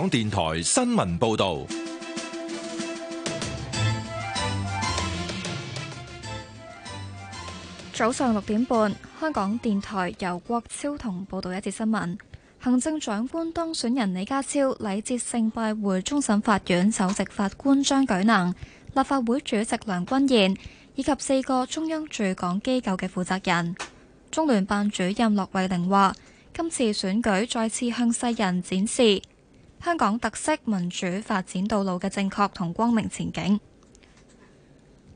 港電台新聞報道，早上六點半，香港電台由郭超同報道一節新聞。行政長官當選人李家超禮節性拜會終審法院首席法官張舉能、立法會主席梁君彥以及四個中央駐港機構嘅負責人。中聯辦主任駱惠寧話，今次選舉再次向世人展示。香港特色民主發展道路嘅正確同光明前景。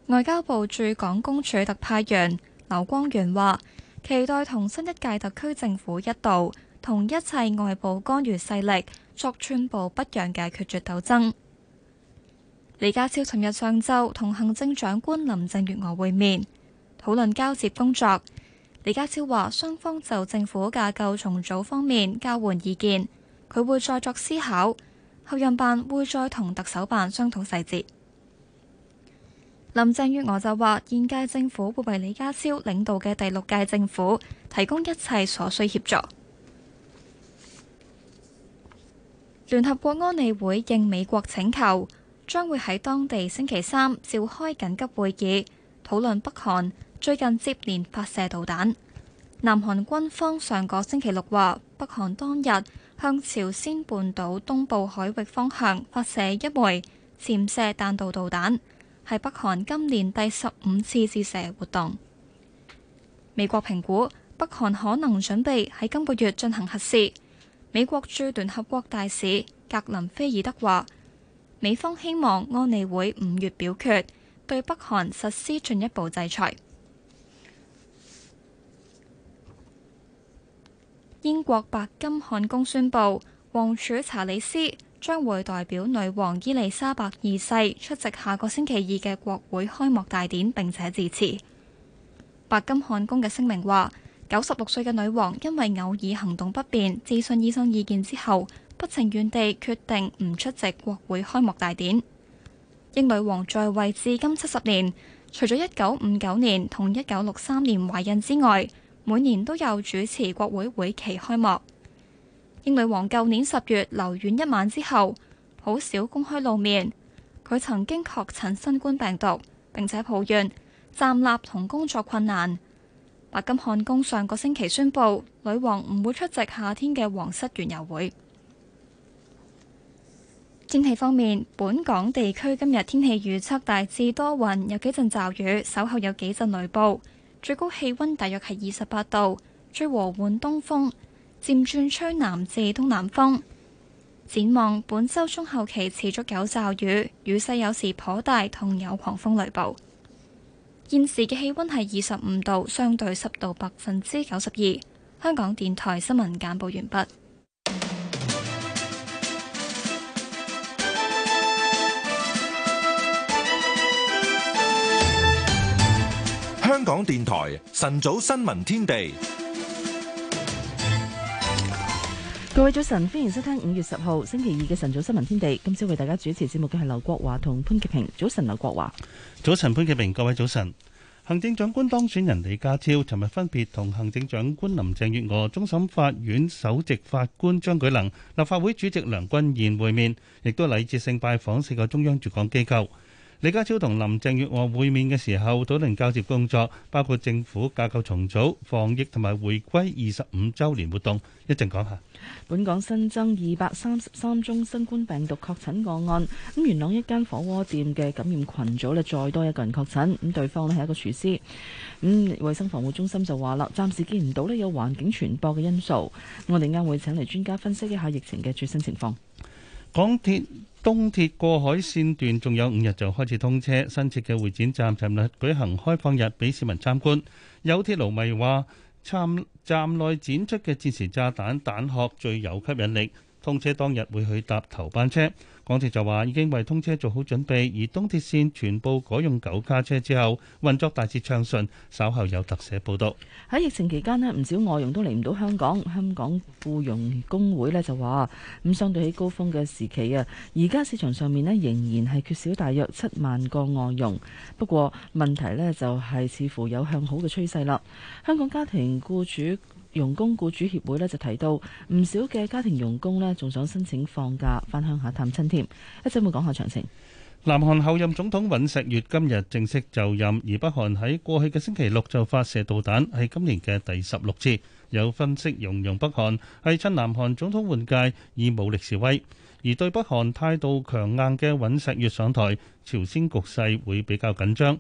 外交部駐港公署特派員劉光源話，期待同新一屆特區政府一道，同一切外部干預勢力作寸步不讓嘅決絕鬥爭。李家超尋日上晝同行政長官林鄭月娥會面，討論交接工作。李家超話雙方就政府架構重組方面交換意見。佢會再作思考，候任辦會再同特首辦商討細節。林鄭月娥就話：現屆政府會為李家超領導嘅第六屆政府提供一切所需協助。聯合國安理會應美國請求，將會喺當地星期三召開緊急會議，討論北韓最近接連發射導彈。南韓軍方上個星期六話，北韓當日向朝鮮半島東部海域方向發射一枚潛射彈道導彈，係北韓今年第十五次試射活動。美國評估北韓可能準備喺今個月進行核試。美國駐聯合國大使格林菲爾德話，美方希望安理會五月表決，對北韓實施進一步制裁。英國白金漢宮宣布，王儲查理斯將會代表女王伊麗莎白二世出席下個星期二嘅國會開幕大典，並且致辭。白金漢宮嘅聲明話，九十六歲嘅女王因為偶爾行動不便，諮詢醫生意見之後，不情願地決定唔出席國會開幕大典。英女王在位至今七十年，除咗一九五九年同一九六三年懷孕之外。每年都有主持國會會期開幕。英女王舊年十月留院一晚之後，好少公開露面。佢曾經確診新冠病毒，並且抱怨站立同工作困難。白金漢宮上個星期宣布，女王唔會出席夏天嘅皇室園遊會。天氣方面，本港地區今日天氣預測大致多雲，有幾陣驟雨，稍後有幾陣雷暴。最高氣溫大約係二十八度，最和緩東風漸轉吹南至東南風。展望本周中後期持續有驟雨，雨勢有時頗大，同有狂風雷暴。現時嘅氣溫係二十五度，相對濕度百分之九十二。香港電台新聞簡報完畢。港電台晨早新聞天地，各位早晨，歡迎收聽五月十號星期二嘅晨早新聞天地。今朝為大家主持節目嘅係劉國華同潘潔平。早晨，劉國華，早晨，潘潔平。各位早晨，行政長官當選人李家超，尋日分別同行政長官林鄭月娥、終審法院首席法官張舉能、立法會主席梁君彥會面，亦都禮節性拜訪四個中央駐港機構。李家超同林鄭月娥會面嘅時候，討論交接工作，包括政府架構重組、防疫同埋回歸二十五週年活動，講一陣講下。本港新增二百三十三宗新冠病毒確診個案，咁元朗一間火鍋店嘅感染群組咧，再多一個人確診，咁對方咧係一個廚師。咁、嗯、衛生防護中心就話啦，暫時見唔到咧有環境傳播嘅因素。我哋啱會請嚟專家分析一下疫情嘅最新情況。港鐵。東鐵過海線段仲有五日就開始通車，新設嘅會展站尋日舉行開放日俾市民參觀。有鐵路迷話，站站內展出嘅戰時炸彈彈殼最有吸引力。通車當日會去搭頭班車。港鐵就話已經為通車做好準備，而東鐵線全部改用九卡車之後，運作大致暢順。稍後有特寫報導。喺疫情期間咧，唔少外傭都嚟唔到香港。香港僱傭公會咧就話，咁相對喺高峰嘅時期啊，而家市場上面咧仍然係缺少大約七萬個外傭。不過問題咧就係似乎有向好嘅趨勢啦。香港家庭僱主傭工僱主協會呢就提到，唔少嘅家庭傭工呢仲想申請放假返鄉下探親添。一陣會講下詳情。南韓候任總統尹錫悅今日正式就任，而北韓喺過去嘅星期六就發射導彈，係今年嘅第十六次。有分析形容北韓係趁南韓總統換屆以武力示威，而對北韓態度強硬嘅尹錫悅上台，朝鮮局勢會比較緊張。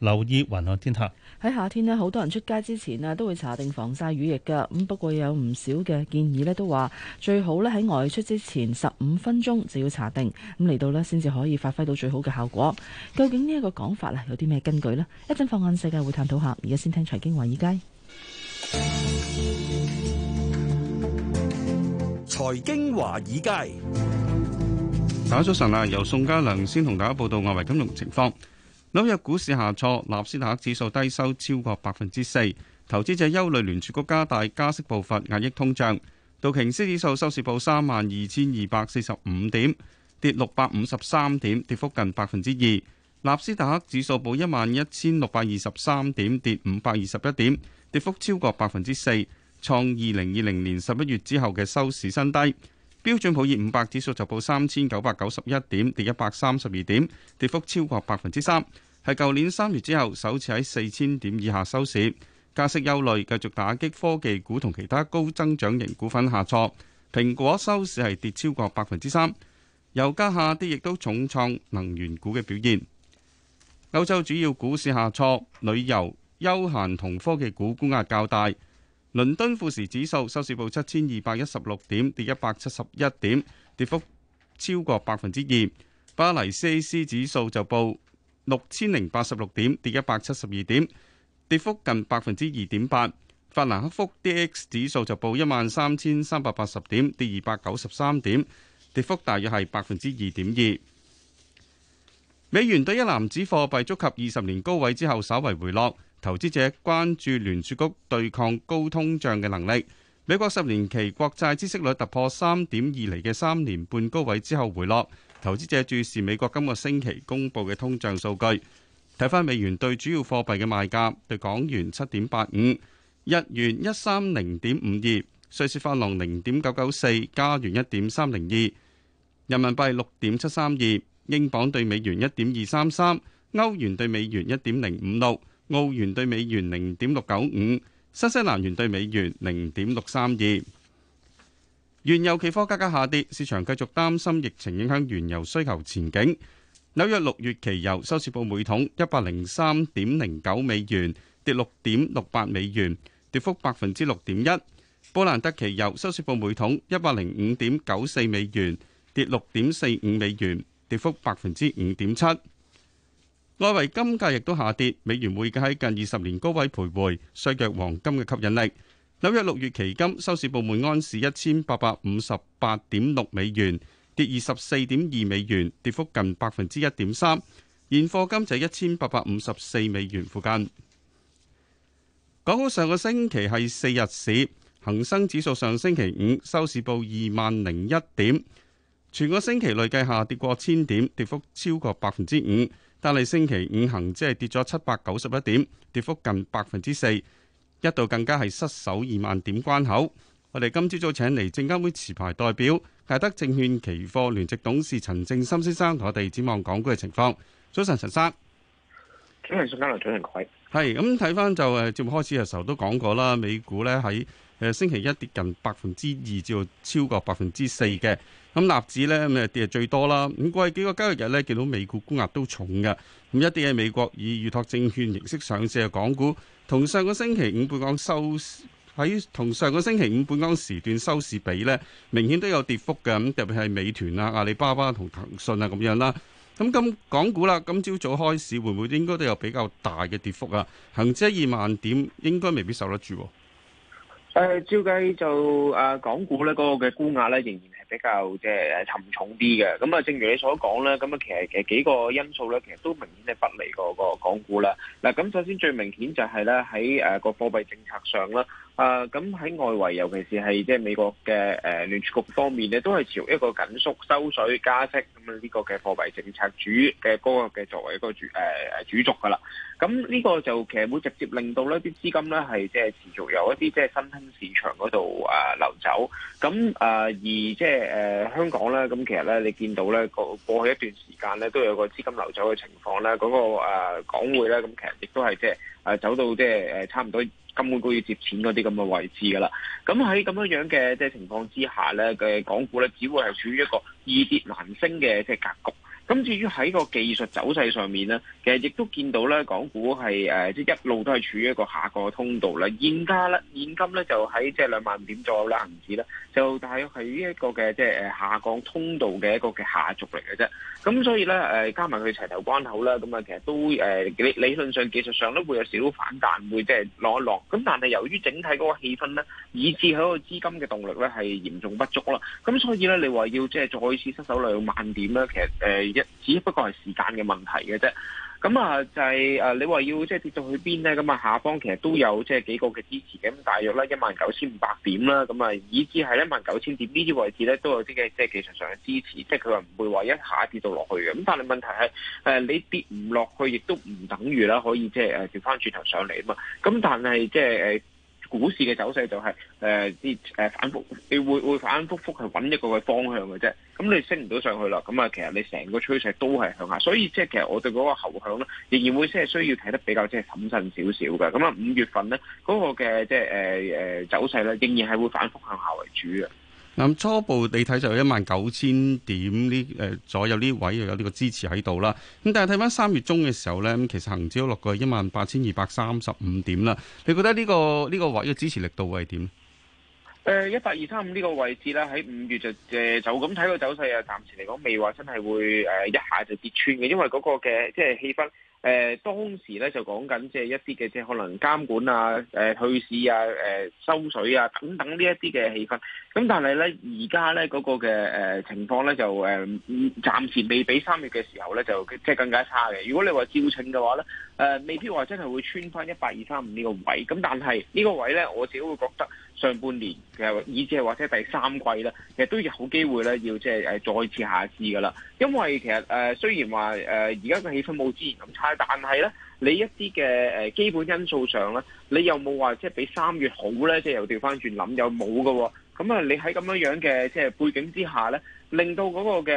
留意寰宇天下。喺夏天呢，好多人出街之前啊，都會查定防曬乳液噶。咁不過有唔少嘅建議呢，都話最好呢，喺外出之前十五分鐘就要查定，咁嚟到咧先至可以發揮到最好嘅效果。究竟呢一個講法啊，有啲咩根據呢？一陣放眼世界會探討下。而家先聽財經華爾街。財經華爾街，打早晨啊！由宋嘉良先同大家報道外圍金融情況。紐約股市下挫，納斯達克指數低收超過百分之四，投資者憂慮聯儲局加大加息步伐，壓抑通脹。道瓊斯指數收市報三萬二千二百四十五點，跌六百五十三點，跌幅近百分之二。納斯達克指數報一萬一千六百二十三點，跌五百二十一點，跌幅超過百分之四，創二零二零年十一月之後嘅收市新低。標準普爾五百指數就報三千九百九十一點，跌一百三十二點，跌幅超過百分之三，係舊年三月之後首次喺四千點以下收市。加息憂慮繼續打擊科技股同其他高增長型股份下挫，蘋果收市係跌超過百分之三。油價下跌亦都重創能源股嘅表現。歐洲主要股市下挫，旅遊、休閒同科技股沽壓較大。倫敦富時指數收市報七千二百一十六點，跌一百七十一點，跌幅超過百分之二。巴黎 CAC 指數就報六千零八十六點，跌一百七十二點，跌幅近百分之二點八。法蘭克福 DAX 指數就報一萬三千三百八十點，跌二百九十三點，跌幅大約係百分之二點二。美元對一籃子貨幣觸及二十年高位之後，稍為回落。投資者關注聯儲局對抗高通脹嘅能力。美國十年期國債孳息率突破三點二厘嘅三年半高位之後回落。投資者注視美國今個星期公布嘅通脹數據。睇返美元對主要貨幣嘅賣價：對港元七點八五，日元一三零點五二，瑞士法郎零點九九四，加元一點三零二，人民幣六點七三二，英鎊對美元一點二三三，歐元對美元一點零五六。澳元兌美元零點六九五，新西蘭元兌美元零點六三二。原油期貨價格下跌，市場繼續擔心疫情影響原油需求前景。紐約六月期油收市報每桶一百零三點零九美元，跌六點六八美元，跌幅百分之六點一。布蘭特期油收市報每桶一百零五點九四美元，跌六點四五美元，跌幅百分之五點七。外圍金價亦都下跌，美元匯價喺近二十年高位徘徊，削弱黃金嘅吸引力。紐約六月期金收市報每安士一千八百五十八點六美元，跌二十四點二美元，跌幅近百分之一點三。現貨金就一千八百五十四美元附近。港股上個星期係四日市，恒生指數上星期五收市報二萬零一點，全個星期累計下跌過千點，跌幅超過百分之五。但係星期五行，即係跌咗七百九十一點，跌幅近百分之四，一度更加係失守二萬點關口。我哋今朝早請嚟證監會持牌代表，艾德證券期貨聯席董事陳正深先生同我哋展望港股嘅情況。早晨，陳生。早上大家好，早晨各位。係咁睇翻就誒節目開始嘅時候都講過啦，美股呢喺誒星期一跌近百分之二，至到超過百分之四嘅。咁、嗯、納指咧咁啊跌啊最多啦，咁過去幾個交易日呢，見到美股沽壓都重嘅，咁一啲喺美國以預託證券形式上市嘅港股，同上個星期五本港收喺同上個星期五本港時段收市比呢，明顯都有跌幅嘅，咁特別係美團啊、阿里巴巴同騰訊啊咁樣啦。咁、嗯、今港股啦，今朝早開市會唔會應該都有比較大嘅跌幅啊？恒指二萬點應該未必受得住，啊。誒、呃，照計就誒港股呢嗰、那個嘅沽壓呢，仍然。比較即係沉重啲嘅，咁啊，正如你所講啦。咁啊，其實誒幾個因素咧，其實都明顯係不利個個港股啦。嗱，咁首先最明顯就係咧喺誒個貨幣政策上啦。啊，咁喺、呃、外圍，尤其是係即係美國嘅誒、呃、聯儲局方面咧，都係朝一個緊縮、收水加、加息咁呢個嘅貨幣政策主嘅嗰個嘅作為一個主誒誒、呃、主軸噶啦。咁、嗯、呢、這個就其實會直接令到呢啲資金咧係即係持續有一啲即係新興市場嗰度啊流走。咁、嗯、啊、呃、而即係誒香港咧，咁其實咧你見到咧過過去一段時間咧都有個資金流走嘅情況咧，嗰、那個、呃、港匯咧咁其實亦都係即係啊走到即係誒差唔多。根本都要接錢嗰啲咁嘅位置㗎喇，咁喺咁樣樣嘅即係情況之下咧，嘅港股咧，只會係處於一個易跌難升嘅即係格局。咁至於喺個技術走勢上面咧，其實亦都見到咧，港股係誒即係一路都係處於一個下降通道啦。現價咧、現金咧就喺即係兩萬點左右啦，唔、啊、止啦，就大概係呢一個嘅即係誒下降通道嘅一個嘅下軌嚟嘅啫。咁所以咧誒、呃，加埋佢齊頭關口啦，咁啊其實都誒理、呃、理論上技術上都會有少少反彈，會即係落一落。咁但係由於整體嗰個氣氛咧，以至喺個資金嘅動力咧係嚴重不足啦。咁所以咧，你話要即係再次失守兩萬點咧，其實誒。呃只不過係時間嘅問題嘅啫，咁啊就係、是、誒，你話要即係、就是、跌到去邊咧？咁啊下方其實都有即係、就是、幾個嘅支持嘅，咁大約咧一萬九千五百點啦，咁啊以至係一萬九千點呢啲位置咧都有啲嘅即係技術上嘅支持，即係佢話唔會話一下跌到落去嘅。咁但係問題係誒、啊，你跌唔落去亦都唔等於啦、啊、可以即係誒掉翻轉頭上嚟啊嘛。咁但係即係誒。股市嘅走勢就係誒啲誒反覆，你會會反覆覆去揾一個嘅方向嘅啫。咁你升唔到上去啦，咁啊其實你成個趨勢都係向下，所以即係其實我對嗰個後向咧，仍然會即係需要睇得比較即係謹慎少少嘅。咁啊五月份咧嗰個嘅即係誒誒走勢咧，仍然係會反覆向下為主嘅。咁初步你睇就有一萬九千點呢？誒，左右呢位又有呢個支持喺度啦。咁但係睇翻三月中嘅時候咧，咁其實恒指都落過一萬八千二百三十五點啦。你覺得呢個呢個位嘅支持力度會係點？誒，一八二三五呢個位置咧，喺五月就誒就咁睇個走勢啊。暫時嚟講，未話真係會誒一下就跌穿嘅，因為嗰個嘅即係氣氛。誒、呃、當時咧就講緊即係一啲嘅即係可能監管啊、誒、呃、退市啊、誒、呃、收水啊等等呢一啲嘅氣氛，咁但係咧而家咧嗰個嘅誒、呃、情況咧就誒、呃、暫時未比三月嘅時候咧就即係更加差嘅。如果你照話招請嘅話咧。誒、呃、未必話真係會穿翻一八二三五呢個位，咁但係呢個位呢，我自己會覺得上半年其實，以至或者第三季呢，其實都有好機會呢，要即係誒再次下試噶啦。因為其實誒、呃、雖然話誒而家嘅氣氛冇之前咁差，但係呢，你一啲嘅誒基本因素上呢，你又冇話即係比三月好呢，即、就、係、是、又調翻轉諗又冇嘅。咁啊，你喺咁樣樣嘅即係背景之下呢，令到嗰個嘅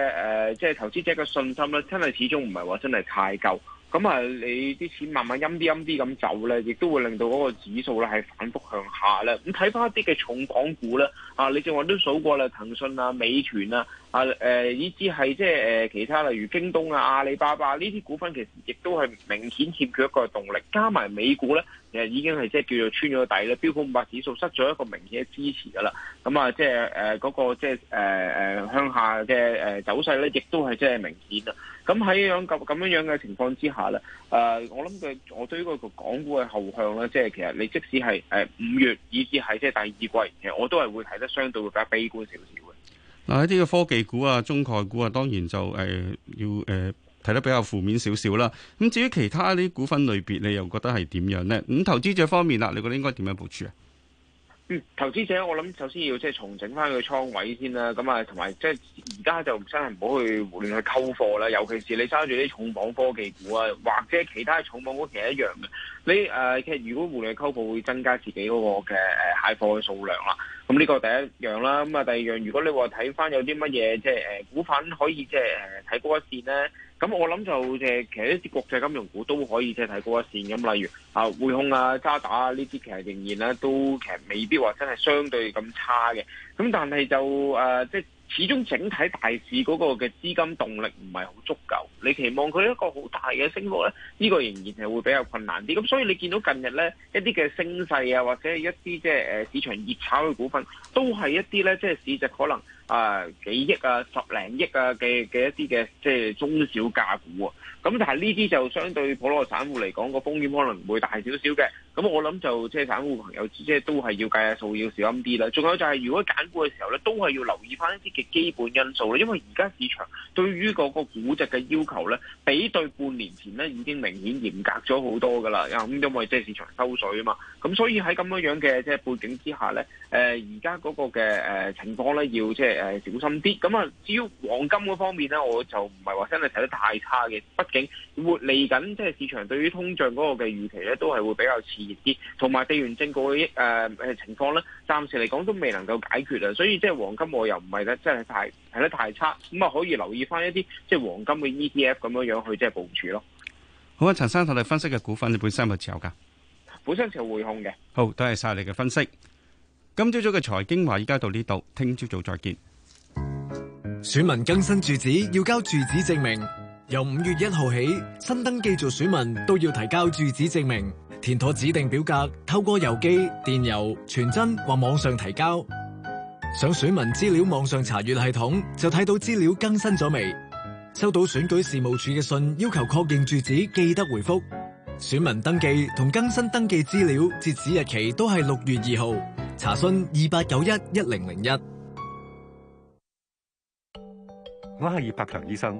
誒即係投資者嘅信心呢，真係始終唔係話真係太夠。咁啊、嗯，你啲錢慢慢陰啲陰啲咁走咧，亦都會令到嗰個指數咧係反覆向下咧。咁睇翻一啲嘅重港股咧，啊，你正話都數過啦，騰訊啊、美團啊。啊誒，以至係即係誒，其他例如京東啊、阿里巴巴呢、啊、啲股份，其實亦都係明顯欠缺一個動力。加埋美股咧，其實已經係即係叫做穿咗底咧，標普五百指數失咗一個明顯嘅支持噶啦。咁啊、就是，即係誒嗰個即係誒誒向下嘅誒走勢咧，亦都係即係明顯啊。咁喺樣咁咁樣樣嘅情況之下咧，啊、呃，我諗佢，我對嗰個港股嘅後向咧，即、就、係、是、其實你即使係誒五月，以至係即係第二季，其實，我都係會睇得相對會比較悲觀少少。嗱，呢啲科技股啊、中概股啊，當然就誒要誒睇得比較負面少少啦。咁至於其他啲股份類別，你又覺得係點樣咧？咁、嗯、投資者方面啦，你覺得應該點樣部署啊？嗯、投資者，我諗首先要即係重整翻個倉位先啦。咁、嗯、啊，同埋即係而家就真係唔好去胡亂去溝貨啦。尤其是你揸住啲重磅科技股啊，或者其他重磅股，其實一樣嘅。你誒、呃，其實如果胡亂去溝貨會增加自己嗰、那個嘅誒、呃、蟹貨嘅數量啦。咁呢個第一樣啦。咁、嗯、啊，第二樣，如果你話睇翻有啲乜嘢即係誒，股份可以即係誒，睇、就、高、是呃、一線咧。咁我諗就誒，其實一啲國際金融股都可以即係睇高一線咁，例如啊匯控啊渣打啊呢啲，其實仍然咧、啊、都其實未必話真係相對咁差嘅。咁但係就誒，即、啊、係、就是、始終整體大市嗰個嘅資金動力唔係好足夠，你期望佢一個好大嘅升幅咧，呢、這個仍然係會比較困難啲。咁所以你見到近日咧一啲嘅升勢啊，或者係一啲即係誒市場熱炒嘅股份，都係一啲咧即係市值可能。啊，幾億啊，十零億啊嘅嘅一啲嘅即係中小價股啊。咁但係呢啲就相對普羅嘅散戶嚟講，個風險可能會大少少嘅。咁我諗就即係、就是、散戶朋友即係、就是、都係要計下數，要小心啲啦。仲有就係如果揀股嘅時候咧，都係要留意翻一啲嘅基本因素啦。因為而家市場對於嗰個估值嘅要求咧，比對半年前咧已經明顯嚴格咗好多㗎啦。咁因為即係市場收水啊嘛，咁所以喺咁樣樣嘅即係背景之下咧，誒而家嗰個嘅誒情況咧要即係誒小心啲。咁啊，至於黃金嗰方面咧，我就唔係話真係睇得太差嘅。活嚟緊，即係市場對於通脹嗰個嘅預期咧，都係會比較熾熱啲。同埋地緣政局嘅誒誒情況咧，暫時嚟講都未能夠解決啊。所以即係黃金，我又唔係咧，真係太係咧太差。咁啊，可以留意翻一啲即係黃金嘅 ETF 咁樣樣去即係部署咯。好啊，陳生，同你分析嘅股份，你本身有冇持有㗎？本身持有匯控嘅。好，多謝晒你嘅分析。今朝早嘅財經話，依家到呢度，聽朝早再見。選民更新住址要交住址證明。由五月一號起，新登記做選民都要提交住址證明，填妥指定表格，透過郵寄、電郵、傳真或網上提交。想選民資料網上查閱系統就睇到資料更新咗未？收到選舉事務處嘅信要求確認住址，記得回覆。選民登記同更新登記資料截止日期都係六月二號。查詢二八九一一零零一。我係葉柏強醫生。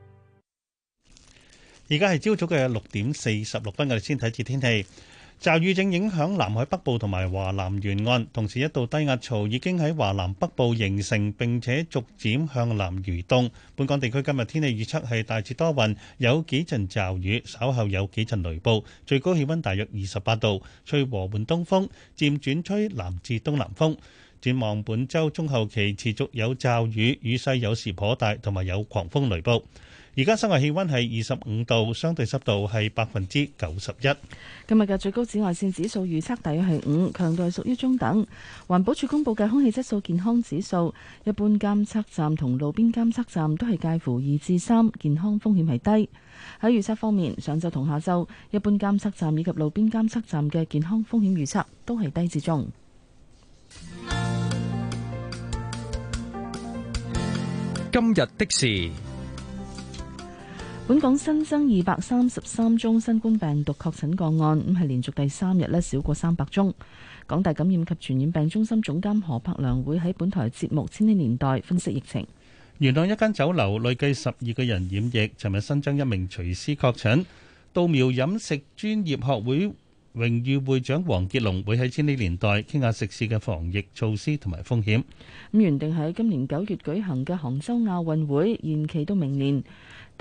而家係朝早嘅六點四十六分，我哋先睇次天氣。驟雨正影響南海北部同埋華南沿岸，同時一道低壓槽已經喺華南北部形成並且逐漸向南移動。本港地區今日天氣預測係大致多雲，有幾陣驟雨，稍後有幾陣雷暴，最高氣温大約二十八度，吹和緩東風，漸轉吹南至東南風。展望本週中後期持續有驟雨，雨勢有時頗大，同埋有狂風雷暴。而家室外氣溫係二十五度，相對濕度係百分之九十一。今日嘅最高紫外線指數預測大約係五，強度係屬於中等。環保署公布嘅空氣質素健康指數，一般監測站同路邊監測站都係介乎二至三，健康風險係低。喺預測方面，上晝同下晝，一般監測站以及路邊監測站嘅健康風險預測都係低至中。今日的事。本港新增二百三十三宗新冠病毒確診個案，咁係連續第三日咧少過三百宗。港大感染及傳染病中心總監何柏良會喺本台節目《千禧年代》分析疫情。元朗一間酒樓累計十二個人染疫，尋日新增一名廚師確診。稻苗飲食專業學會榮譽會長黃傑龍會喺《千禧年代》傾下食肆嘅防疫措施同埋風險。咁原定喺今年九月舉行嘅杭州亞運會延期到明年。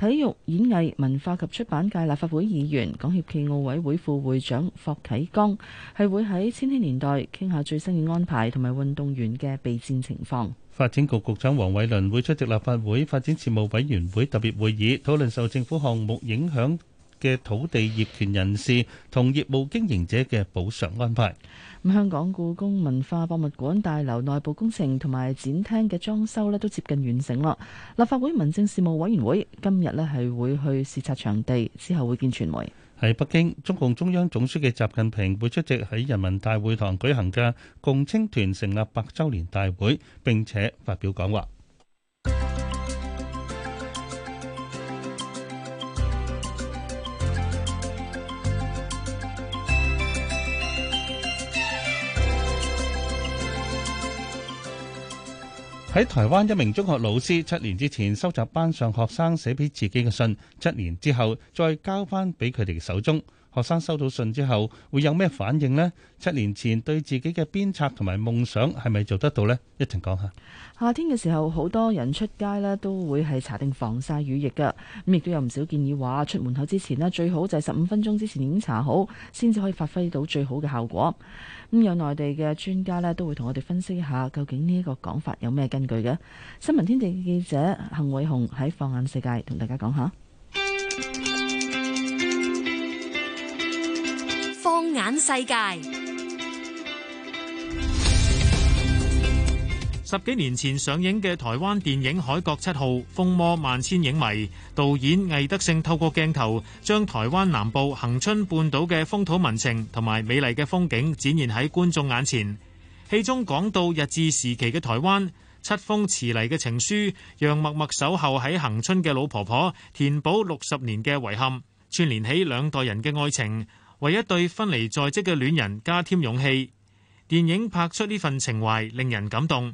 體育演藝文化及出版界立法會議員、港協暨奧委會副會長霍啟剛係會喺千禧年代傾下最新嘅安排同埋運動員嘅備戰情況。發展局局長黃偉綸會出席立法會發展事務委員會特別會議，討論受政府項目影響嘅土地業權人士同業務經營者嘅補償安排。咁香港故宮文化博物館大樓內部工程同埋展廳嘅裝修呢都接近完成啦。立法會民政事務委員會今日呢係會去視察場地，之後會見傳媒。喺北京，中共中央總書記習近平會出席喺人民大會堂舉行嘅共青團成立百周年大會，並且發表講話。喺台灣，一名中學老師七年之前收集班上學生寫俾自己嘅信，七年之後再交翻俾佢哋嘅手中。學生收到信之後會有咩反應呢？七年前對自己嘅鞭策同埋夢想係咪做得到呢？一陣講下。夏天嘅時候，好多人出街呢都會係搽定防曬乳液㗎，咁亦都有唔少建議話出門口之前呢最好就係十五分鐘之前已經搽好，先至可以發揮到最好嘅效果。咁有內地嘅專家咧，都會同我哋分析一下，究竟呢一個講法有咩根據嘅？新聞天地記者恆偉雄喺《放眼世界》同大家講下，《放眼世界》。十幾年前上映嘅台灣電影《海角七號》，風魔萬千影迷。導演魏德聖透過鏡頭，將台灣南部恒春半島嘅風土民情同埋美麗嘅風景展現喺觀眾眼前。戲中講到日治時期嘅台灣，七封遲嚟嘅情書，讓默默守候喺恒春嘅老婆婆填補六十年嘅遺憾，串聯起兩代人嘅愛情，為一對分離在即嘅戀人加添勇氣。電影拍出呢份情懷，令人感動。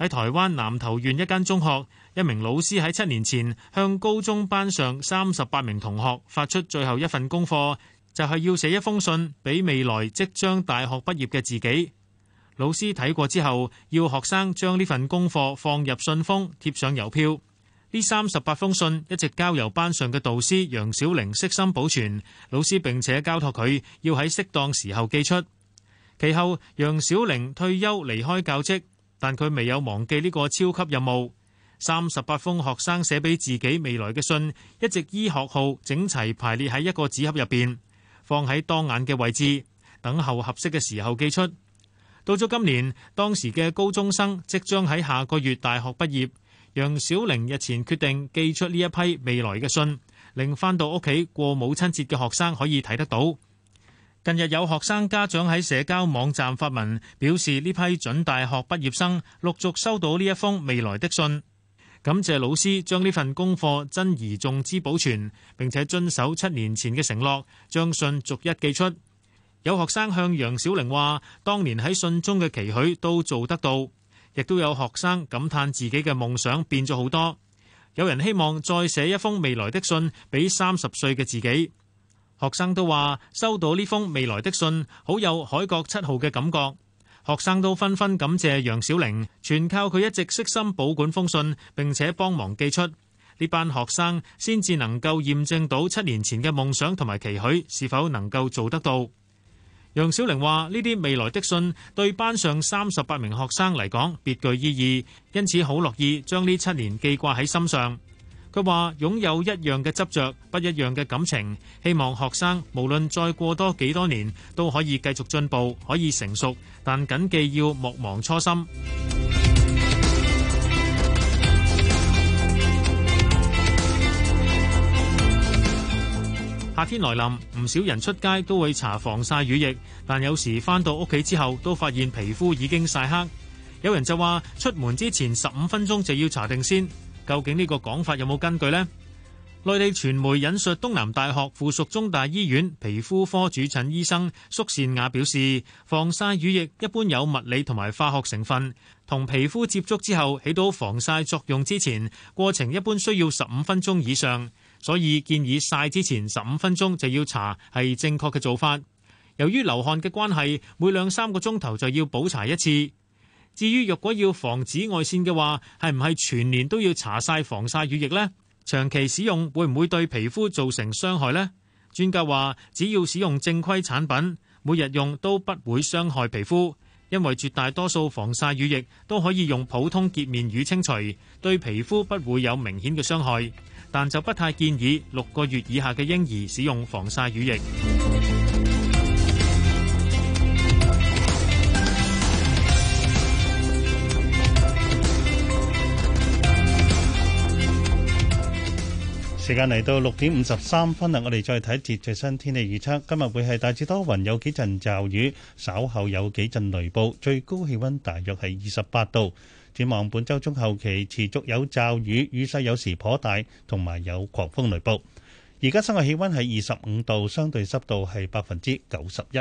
喺台灣南投縣一間中學，一名老師喺七年前向高中班上三十八名同學發出最後一份功課，就係要寫一封信俾未來即將大學畢業嘅自己。老師睇過之後，要學生將呢份功課放入信封，貼上郵票。呢三十八封信一直交由班上嘅導師楊小玲悉心保存。老師並且交託佢要喺適當時候寄出。其後，楊小玲退休離開教職。但佢未有忘記呢個超級任務，三十八封學生寫俾自己未來嘅信，一直依學號整齊排列喺一個紙盒入邊，放喺當眼嘅位置，等候合適嘅時候寄出。到咗今年，當時嘅高中生即將喺下個月大學畢業，楊小玲日前決定寄出呢一批未來嘅信，令返到屋企過母親節嘅學生可以睇得到。近日有學生家長喺社交網站發文，表示呢批準大學畢業生陸續收到呢一封未來的信，感謝老師將呢份功課珍而重之保存，並且遵守七年前嘅承諾，將信逐一寄出。有學生向楊小玲話，當年喺信中嘅期許都做得到，亦都有學生感嘆自己嘅夢想變咗好多。有人希望再寫一封未來的信俾三十歲嘅自己。學生都話收到呢封未來的信，好有《海角七號》嘅感覺。學生都紛紛感謝楊小玲，全靠佢一直悉心保管封信，並且幫忙寄出。呢班學生先至能夠驗證到七年前嘅夢想同埋期許是否能夠做得到。楊小玲話：呢啲未來的信對班上三十八名學生嚟講別具意義，因此好樂意將呢七年記掛喺心上。佢話擁有一樣嘅執着，不一樣嘅感情，希望學生無論再過多幾多年，都可以繼續進步，可以成熟，但謹記要莫忘初心。 夏天來臨，唔少人出街都會搽防曬乳液，但有時翻到屋企之後，都發現皮膚已經曬黑。有人就話，出門之前十五分鐘就要搽定先。究竟呢個講法有冇根據呢？內地傳媒引述東南大學附屬中大醫院皮膚科主診醫生蘇善雅表示，防曬乳液一般有物理同埋化學成分，同皮膚接觸之後起到防曬作用之前，過程一般需要十五分鐘以上，所以建議曬之前十五分鐘就要搽，係正確嘅做法。由於流汗嘅關係，每兩三個鐘頭就要補搽一次。至於如果要防紫外線嘅話，係唔係全年都要搽晒防曬乳液呢？長期使用會唔會對皮膚造成傷害呢？專家話，只要使用正規產品，每日用都不會傷害皮膚，因為絕大多數防曬乳液都可以用普通潔面乳清除，對皮膚不會有明顯嘅傷害。但就不太建議六個月以下嘅嬰兒使用防曬乳液。時間嚟到六點五十三分啦，我哋再睇一節最新天氣預測。今日會係大致多雲，有幾陣驟雨，稍後有幾陣雷暴，最高氣温大約係二十八度。展望本周中後期持續有驟雨，雨勢有時頗大，同埋有狂風雷暴。而家室外氣温係二十五度，相對濕度係百分之九十一。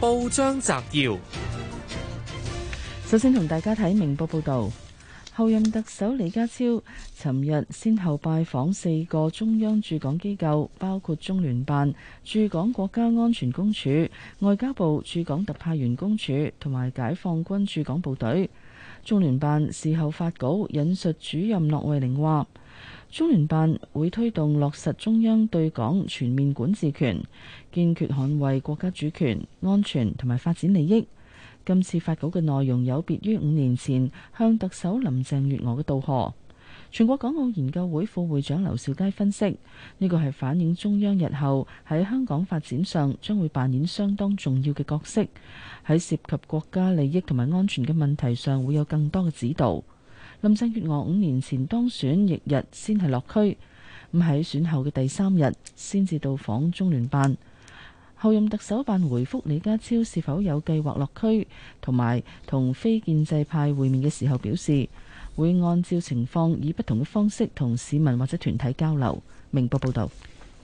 報章摘要。首先同大家睇明報報道，候任特首李家超尋日先後拜訪四個中央駐港機構，包括中聯辦、駐港國家安全公署、外交部駐港特派員公署同埋解放軍駐港部隊。中聯辦事後發稿引述主任駱惠寧話，中聯辦會推動落實中央對港全面管治權，堅決捍衛國家主權、安全同埋發展利益。今次發稿嘅內容有別於五年前向特首林鄭月娥嘅道賀，全國港澳研究會副會長劉兆佳分析，呢個係反映中央日後喺香港發展上將會扮演相當重要嘅角色，喺涉及國家利益同埋安全嘅問題上會有更多嘅指導。林鄭月娥五年前當選翌日先係落區，咁喺選後嘅第三日先至到訪中聯辦。後任特首辦回覆李家超是否有計劃落區，同埋同非建制派會面嘅時候表示，會按照情況以不同嘅方式同市民或者團體交流。明報報道。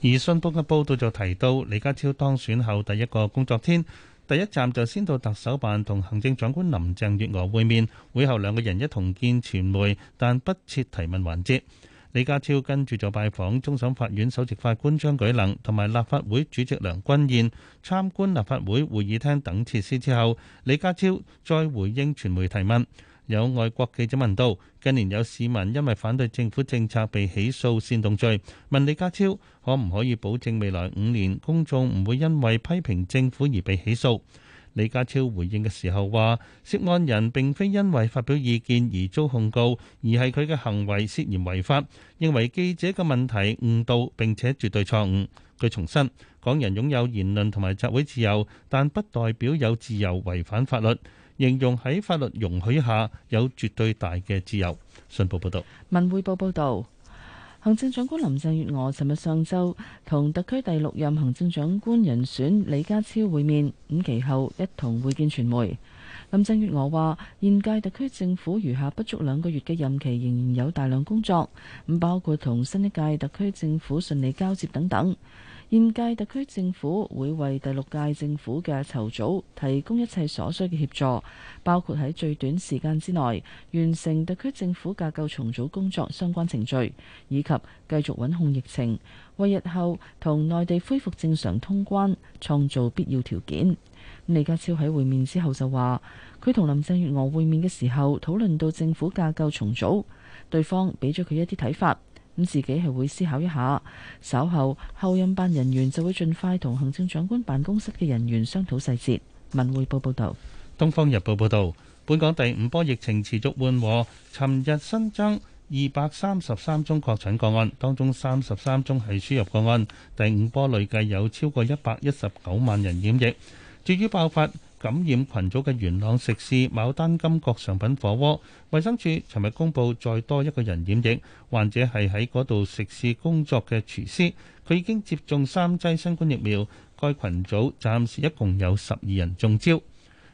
而信報嘅報導就提到，李家超當選後第一個工作天，第一站就先到特首辦同行政長官林鄭月娥會面，會後兩個人一同見傳媒，但不設提問環節。李家超跟住就拜訪終審法院首席法官張舉能，同埋立法會主席梁君彥，參觀立法會會議廳等設施之後，李家超再回應傳媒提問。有外國記者問到近年有市民因為反對政府政策被起訴煽動罪，問李家超可唔可以保證未來五年公眾唔會因為批評政府而被起訴？李家超回應嘅時候話，涉案人並非因為發表意見而遭控告，而係佢嘅行為涉嫌違法。認為記者嘅問題誤導，並且絕對錯誤。佢重申，港人擁有言論同埋集會自由，但不代表有自由違反法律。形容喺法律容許下有絕對大嘅自由。信報報道，文匯報報道。行政長官林鄭月娥尋日上晝同特區第六任行政長官人選李家超會面，其後一同會見傳媒。林鄭月娥話，現屆特區政府餘下不足兩個月嘅任期，仍然有大量工作，咁包括同新一屆特區政府順利交接等等。現屆特區政府會為第六屆政府嘅籌組提供一切所需嘅協助，包括喺最短時間之內完成特區政府架構重組工作相關程序，以及繼續穩控疫情，為日後同內地恢復正常通關創造必要條件。李家超喺會面之後就話，佢同林鄭月娥會面嘅時候討論到政府架構重組，對方俾咗佢一啲睇法。咁自己係會思考一下，稍後後任辦人員就會盡快同行政長官辦公室嘅人員商討細節。文匯報報道：《東方日報》報道，本港第五波疫情持續緩和，尋日新增二百三十三宗確診個案，當中三十三宗係輸入個案。第五波累計有超過一百一十九萬人染疫，至於爆發感染群組嘅元朗食肆牡丹金閣上品火鍋，衛生署尋日公布再多一個人染疫，患者係喺嗰度食肆工作嘅廚師，佢已經接種三劑新冠疫苗。該群組暫時一共有十二人中招。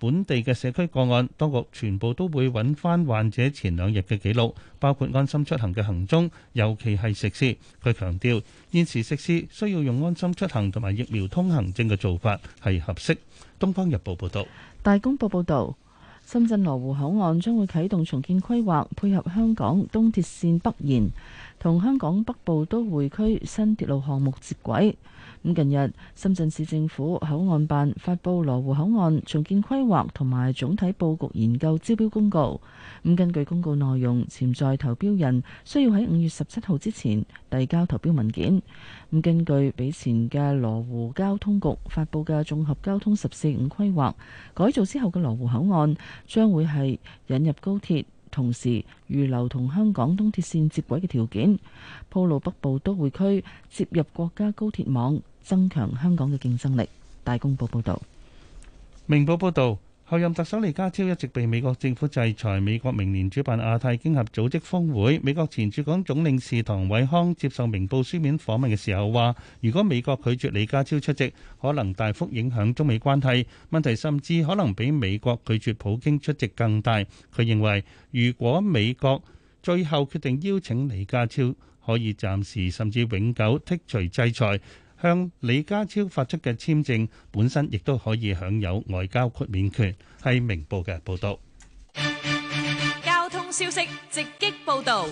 本地嘅社區個案，當局全部都會揾翻患者前兩日嘅記錄，包括安心出行嘅行蹤，尤其係食肆。佢強調，現時食肆需要用安心出行同埋疫苗通行證嘅做法係合適。《東方日報》報道，《大公報》報道，深圳羅湖口岸將會啟動重建規劃，配合香港東鐵線北延。同香港北部都會區新鐵路項目接軌。咁近日，深圳市政府口岸辦發佈羅湖口岸重建規劃同埋總體佈局研究招標公告。咁根據公告內容，潛在投標人需要喺五月十七號之前遞交投標文件。咁根據比前嘅羅湖交通局發佈嘅綜合交通十四五規劃，改造之後嘅羅湖口岸將會係引入高鐵。同時預留同香港東鐵線接軌嘅條件，鋪路北部都會區接入國家高鐵網，增強香港嘅競爭力。大公報報道。明報報道。後任特首李家超一直被美國政府制裁，美國明年舉辦亞太經合組織峰會，美國前駐港總領事唐偉康接受明報書面訪問嘅時候話，如果美國拒絕李家超出席，可能大幅影響中美關係，問題甚至可能比美國拒絕普京出席更大。佢認為，如果美國最後決定邀請李家超，可以暫時甚至永久剔除制裁。向李家超發出嘅簽證本身亦都可以享有外交豁免權，喺明報嘅報道。交通消息直擊報道。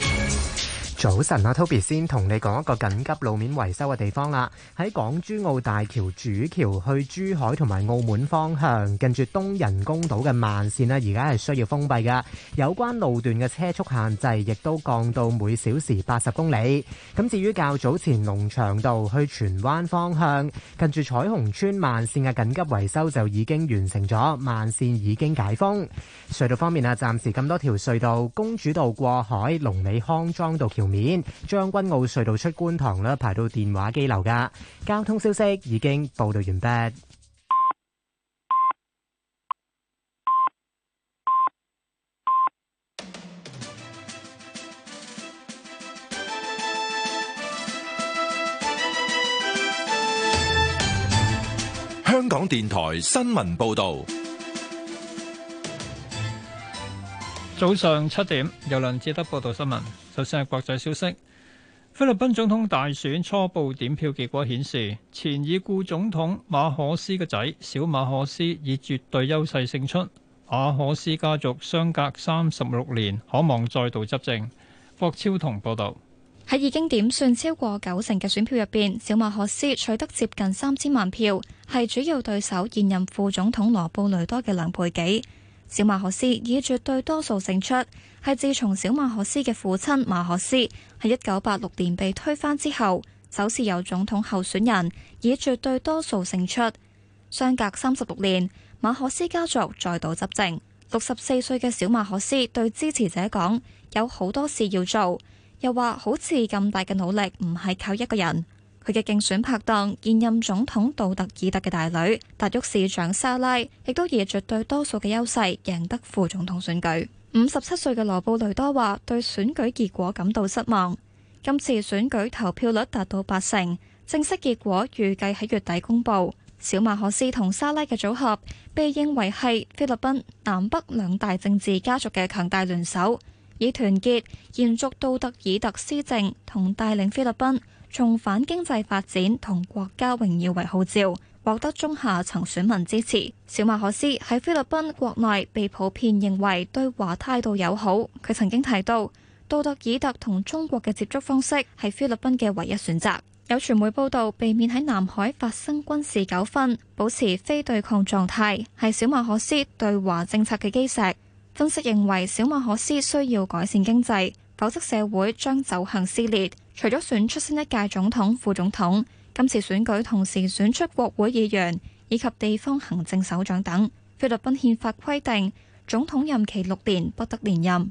早晨啊，Toby 先同你講一個緊急路面維修嘅地方啦。喺港珠澳大橋主橋去珠海同埋澳門方向，近住東人工島嘅慢線咧，而家係需要封閉噶，有關路段嘅車速限制亦都降到每小時八十公里。咁至於較早前龍翔道去荃灣方向，近住彩虹邨慢線嘅緊急維修就已經完成咗，慢線已經解封。隧道方面啊，暫時咁多條隧道，公主道過海、龍尾康莊道橋。面將軍澳隧道出觀塘啦，排到電話機樓噶。交通消息已經報道完畢。香港電台新聞報道，早上七點，由梁志德報道新聞。首先係國際消息，菲律賓總統大選初步點票結果顯示，前已故總統馬可斯嘅仔小馬可斯以絕對優勢勝出，馬可斯家族相隔三十六年，可望再度執政。霍超同報道喺已經點算超過九成嘅選票入邊，小馬可斯取得接近三千萬票，係主要對手現任副總統羅布雷多嘅兩倍幾，小馬可斯以絕對多數勝出。係自從小馬可斯嘅父親馬可斯喺一九八六年被推翻之後，首次有總統候選人以絕對多數勝出。相隔三十六年，馬可斯家族再度執政。六十四歲嘅小馬可斯對支持者講：有好多事要做，又話好似咁大嘅努力唔係靠一個人。佢嘅競選拍檔現任總統杜特爾特嘅大女達沃市長莎拉，亦都以絕對多數嘅優勢贏得副總統選舉。五十七歲嘅羅布雷多話對選舉結果感到失望。今次選舉投票率達到八成，正式結果預計喺月底公佈。小馬可斯同莎拉嘅組合被認為係菲律賓南北兩大政治家族嘅強大聯手，以團結、延續杜特爾特施政同帶領菲律賓重返經濟發展同國家榮耀為號召。獲得中下層選民支持，小馬可斯喺菲律賓國內被普遍認為對華態度友好。佢曾經提到，杜特爾特同中國嘅接觸方式係菲律賓嘅唯一選擇。有傳媒報道，避免喺南海發生軍事糾紛，保持非對抗狀態，係小馬可斯對華政策嘅基石。分析認為，小馬可斯需要改善經濟，否則社會將走向撕裂。除咗選出新一屆總統、副總統，今次選舉同時選出國會議員以及地方行政首長等。菲律賓憲法規定總統任期六年不得連任。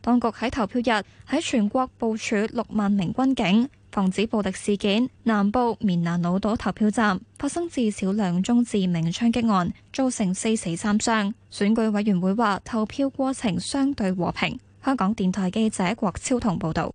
當局喺投票日喺全國部署六萬名軍警，防止暴力事件。南部棉蘭老島投票站發生至少兩宗致命槍擊案，造成四死三傷。選舉委員會話投票過程相對和平。香港電台記者郭超彤報導。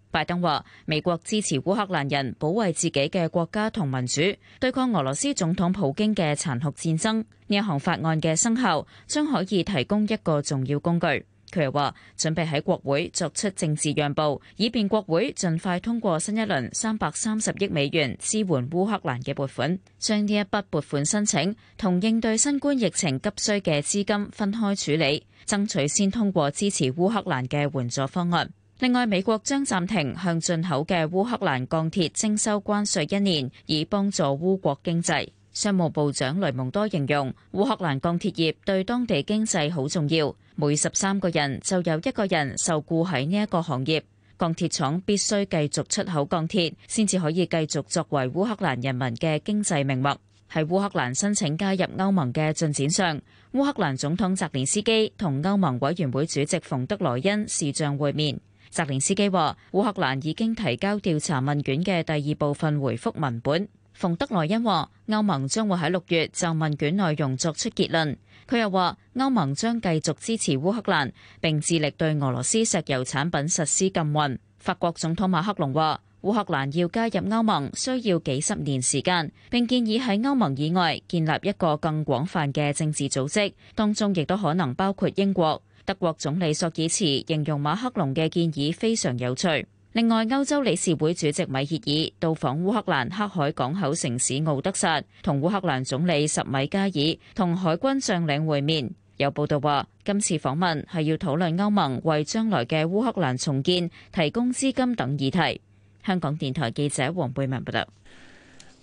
拜登話，美國支持烏克蘭人保衛自己嘅國家同民主，對抗俄羅斯總統普京嘅殘酷戰爭。呢一項法案嘅生效將可以提供一個重要工具。佢又話，準備喺國會作出政治讓步，以便國會盡快通過新一輪三百三十億美元支援烏克蘭嘅撥款，將呢一筆撥款申請同應對新冠疫情急需嘅資金分開處理，爭取先通過支持烏克蘭嘅援助方案。另外，美國將暫停向進口嘅烏克蘭鋼鐵徵收關稅一年，以幫助烏國經濟。商務部長雷蒙多形容，烏克蘭鋼鐵業對當地經濟好重要，每十三個人就有一個人受雇喺呢一個行業。鋼鐵廠必須繼續出口鋼鐵，先至可以繼續作為烏克蘭人民嘅經濟命脈。喺烏克蘭申請加入歐盟嘅進展上，烏克蘭總統澤連斯基同歐盟委員會主席馮德萊恩視像會面。澤連斯基話烏克蘭已經提交調查問卷嘅第二部分回覆文本。馮德萊恩話歐盟將會喺六月就問卷內容作出結論。佢又話歐盟將繼續支持烏克蘭，並致力對俄羅斯石油產品實施禁運。法國總統馬克龍話烏克蘭要加入歐盟需要幾十年時間，並建議喺歐盟以外建立一個更廣泛嘅政治組織，當中亦都可能包括英國。德國總理朔爾茨形容馬克龍嘅建議非常有趣。另外，歐洲理事會主席米歇爾到訪烏克蘭黑海港口城市敖德薩，同烏克蘭總理十米加爾同海軍將領會面。有報道話，今次訪問係要討論歐盟為將來嘅烏克蘭重建提供資金等議題。香港電台記者黃貝文報道。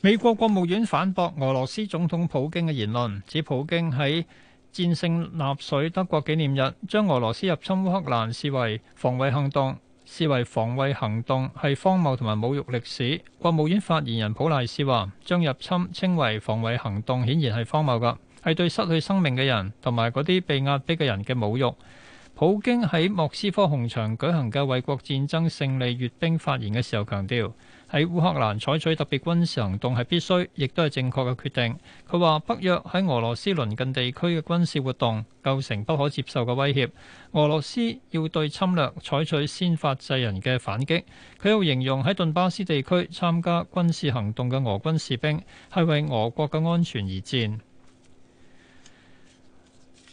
美國國務院反駁俄羅斯總統普京嘅言論，指普京喺。戰勝納粹德國紀念日，將俄羅斯入侵烏克蘭視為防衞行動，視為防衞行動係荒謬同埋侮辱歷史。國務院發言人普賴斯話：將入侵稱為防衞行動，顯然係荒謬㗎，係對失去生命嘅人同埋嗰啲被壓迫嘅人嘅侮辱。普京喺莫斯科紅場舉行嘅衞國戰爭勝利閱兵發言嘅時候強調。喺烏克蘭採取特別軍事行動係必須，亦都係正確嘅決定。佢話北約喺俄羅斯鄰近地區嘅軍事活動構成不可接受嘅威脅，俄羅斯要對侵略採取先發制人嘅反擊。佢又形容喺頓巴斯地區參加軍事行動嘅俄軍士兵係為俄國嘅安全而戰。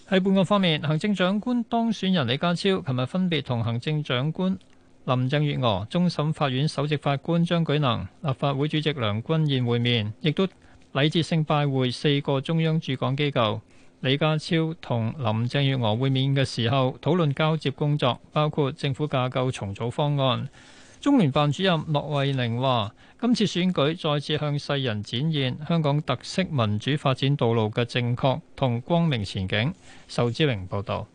喺半個方面，行政長官當選人李家超琴日分別同行政長官。林鄭月娥、終審法院首席法官張舉能、立法會主席梁君彥會面，亦都禮節性拜會四個中央駐港機構。李家超同林鄭月娥會面嘅時候，討論交接工作，包括政府架構重組方案。中聯辦主任駱惠寧話：今次選舉再次向世人展現香港特色民主發展道路嘅正確同光明前景。仇志榮報導。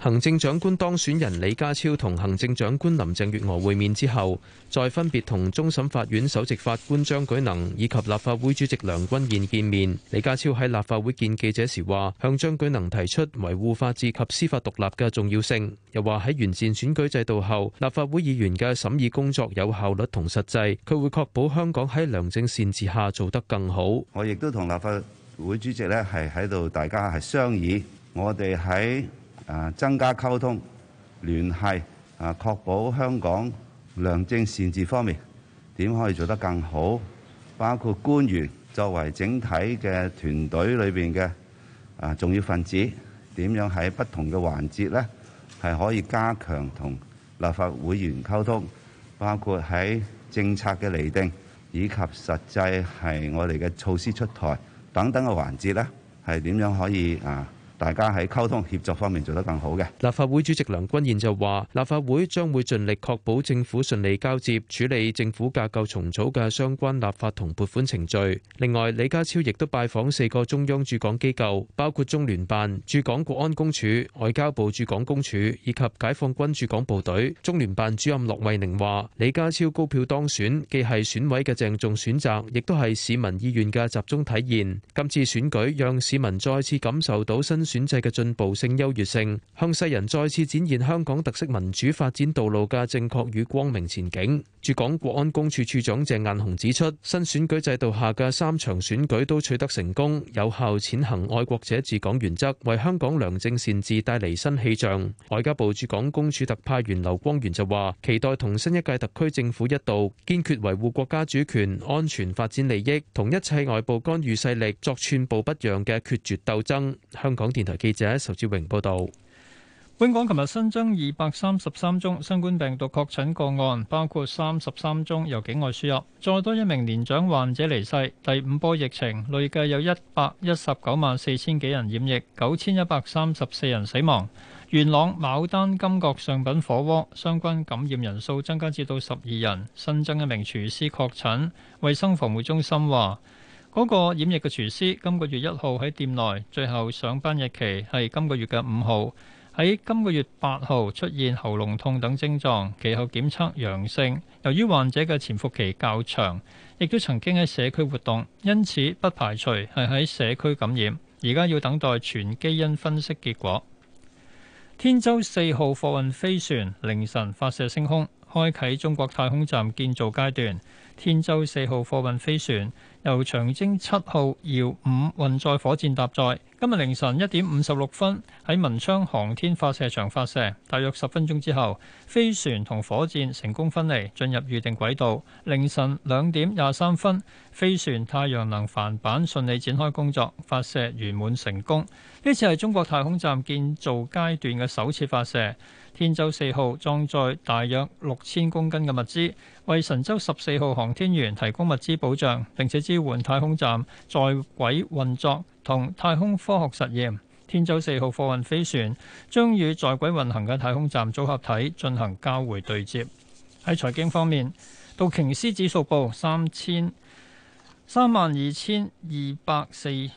行政長官當選人李家超同行政長官林鄭月娥會面之後，再分別同終審法院首席法官張舉能以及立法會主席梁君彥見面。李家超喺立法會見記者時話，向張舉能提出維護法治及司法獨立嘅重要性，又話喺完善選舉制度後，立法會議員嘅審議工作有效率同實際，佢會確保香港喺良政善治下做得更好。我亦都同立法會主席咧係喺度，大家係商議，我哋喺。啊，增加溝通聯繫啊，確保香港良政善治方面點可以做得更好，包括官員作為整體嘅團隊裏邊嘅啊重要分子，點樣喺不同嘅環節呢？係可以加強同立法會員溝通，包括喺政策嘅釐定以及實際係我哋嘅措施出台等等嘅環節呢，係點樣可以啊，大家喺溝通協作方面做得更好嘅。立法會主席梁君彥就話：立法會將會盡力確保政府順利交接，處理政府架構重組嘅相關立法同撥款程序。另外，李家超亦都拜訪四個中央駐港機構，包括中聯辦、駐港國安公署、外交部駐港公署以及解放軍駐港部隊。中聯辦主任駱惠寧話：李家超高票當選，既係選委嘅鄭重選擇，亦都係市民意願嘅集中體現。今次選舉讓市民再次感受到新。選制嘅進步性、優越性，向世人再次展現香港特色民主發展道路嘅正確與光明前景。駐港國安公署署長鄭雁雄指出，新選舉制度下嘅三場選舉都取得成功，有效踐行愛國者治港原則，為香港良政善治帶嚟新氣象。外交部駐港公署特派員劉光源就話，期待同新一屆特區政府一道，堅決維護國家主權、安全、發展利益，同一切外部干預勢力作寸步不讓嘅決絕鬥爭。香港。電台記者仇志榮報道，本港琴日新增二百三十三宗新冠病毒確診個案，包括三十三宗由境外輸入，再多一名年長患者離世。第五波疫情累計有一百一十九萬四千幾人染疫，九千一百三十四人死亡。元朗牡丹金閣上品火鍋相關感染人數增加至到十二人，新增一名廚師確診。衛生防護中心話。嗰個染疫嘅廚師，今個月一號喺店內，最後上班日期係今個月嘅五號。喺今個月八號出現喉嚨痛等症狀，其後檢測陽性。由於患者嘅潛伏期較長，亦都曾經喺社區活動，因此不排除係喺社區感染。而家要等待全基因分析結果。天舟四號貨運飛船凌晨發射升空，開啟中國太空站建造階段。天舟四號貨運飛船。由長征七號遙五運載火箭搭載，今日凌晨一點五十六分喺文昌航天發射場發射，大約十分鐘之後，飛船同火箭成功分離進入預定軌道。凌晨兩點廿三分，飛船太陽能帆板順利展開工作，發射圓滿成功。呢次係中國太空站建造階段嘅首次發射。天舟四號裝載大約六千公斤嘅物資，為神舟十四號航天員提供物資保障，並且支援太空站在軌運作同太空科學實驗。天舟四號貨運飛船將與在軌運行嘅太空站組合體進行交會對接。喺財經方面，道瓊斯指數報三千三萬二千二百四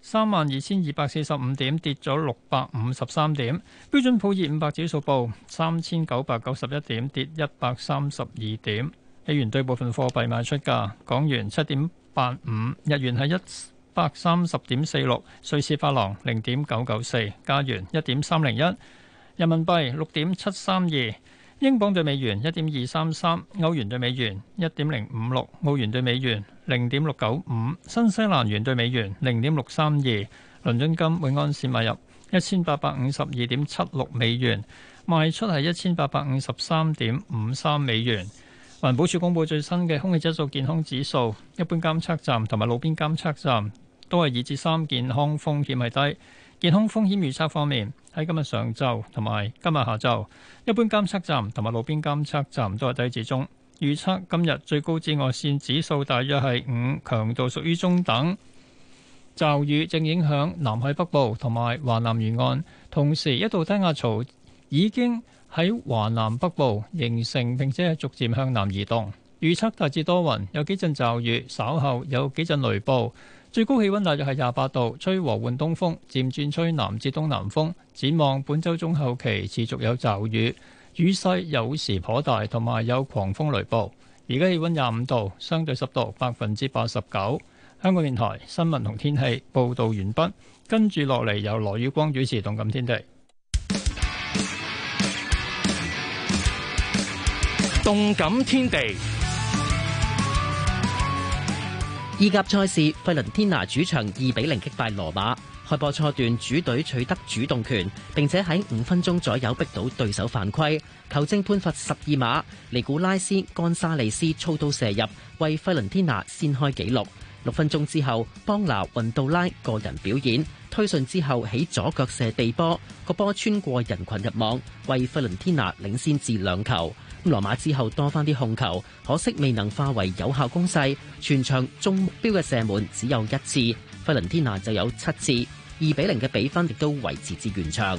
三萬二千二百四十五點，跌咗六百五十三點。標準普爾五百指數報三千九百九十一點，跌一百三十二點。美元兌部分貨幣賣出價，港元七點八五，日元係一百三十點四六，瑞士法郎零點九九四，加元一點三零一，人民幣六點七三二，英鎊對美元一點二三三，歐元對美元一點零五六，澳元對美元零點六九五，新西蘭元對美元零點六三二。倫敦金每安士買入一千八百五十二點七六美元，賣出係一千八百五十三點五三美元。環保署公布最新嘅空氣質素健康指數，一般監測站同埋路邊監測站，都係二至三，健康風險係低。健康風險預測方面，喺今日上晝同埋今日下晝，一般監測站同埋路邊監測站都係低至中預測。預測今日最高紫外線指數大約係五，強度屬於中等。驟雨正影響南海北部同埋華南沿岸，同時一道低壓槽已經喺華南北部形成，並且係逐漸向南移動。預測大致多雲，有幾陣驟雨，稍後有幾陣雷暴。最高氣溫大約係廿八度，吹和緩東風，漸轉吹南至東南風。展望本周中後期持續有驟雨，雨勢有時頗大，同埋有狂風雷暴。而家氣溫廿五度，相對濕度百分之八十九。香港電台新聞同天氣報道完畢，跟住落嚟由羅宇光主持《動感天地》。《動感天地》意甲賽事，費倫天拿主場二比零擊敗羅馬。開波初段，主隊取得主動權，並且喺五分鐘左右逼到對手犯規，球證判罰十二碼，尼古拉斯甘沙利斯操刀射入，為費倫天拿先開紀錄。六分鐘之後，邦拿雲杜拉個人表演，推進之後起左腳射地波，個波穿過人群入網，為費倫天拿領先至兩球。羅馬之後多翻啲控球，可惜未能化為有效攻勢，全場中目標嘅射門只有一次，費倫天拿就有七次，二比零嘅比分亦都維持至完場。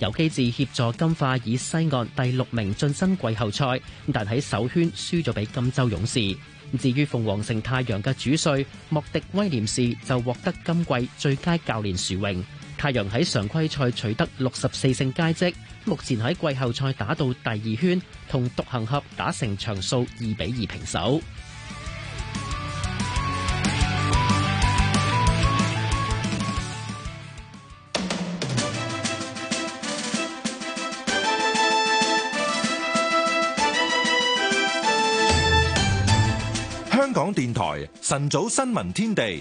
由基治協助金化以西岸第六名晉身季後賽，但喺首圈輸咗俾金州勇士。至於鳳凰城太陽嘅主帥莫迪威廉士就獲得今季最佳教練殊榮。太陽喺常規賽取得六十四勝佳績，目前喺季後賽打到第二圈，同獨行俠打成場數二比二平手。電台晨早新聞天地，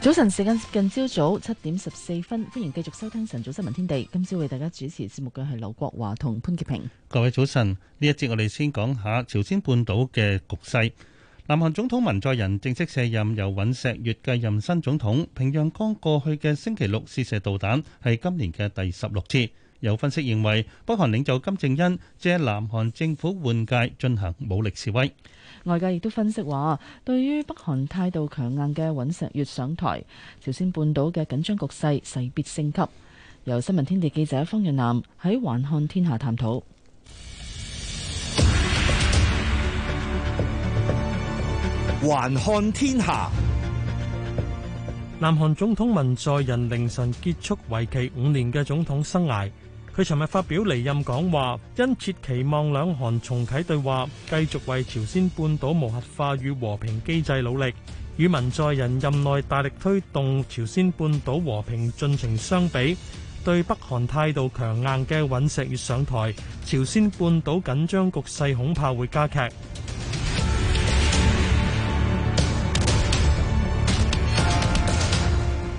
早晨時間近朝早七點十四分，歡迎繼續收聽晨早新聞天地。今朝為大家主持節目嘅係劉國華同潘潔平。各位早晨，呢一節我哋先講下朝鮮半島嘅局勢。南韓總統文在寅正式卸任，由尹錫悅繼任新總統。平壤剛過去嘅星期六試射導彈，係今年嘅第十六次。有分析認為，北韓領袖金正恩借南韓政府換屆進行武力示威。外界亦都分析話，對於北韓態度強硬嘅尹錫悅上台，朝鮮半島嘅緊張局勢勢必升級。由新聞天地記者方潤南喺《環看天下》探討。環看天下，南韓總統文在寅凌晨結束為期五年嘅總統生涯。佢尋日發表離任講話，殷切期望兩韓重啟對話，繼續為朝鮮半島無核化與和平機制努力。與文在寅任內大力推動朝鮮半島和平進程相比，對北韓態度強硬嘅尹錫悅上台，朝鮮半島緊張局勢恐怕會加劇。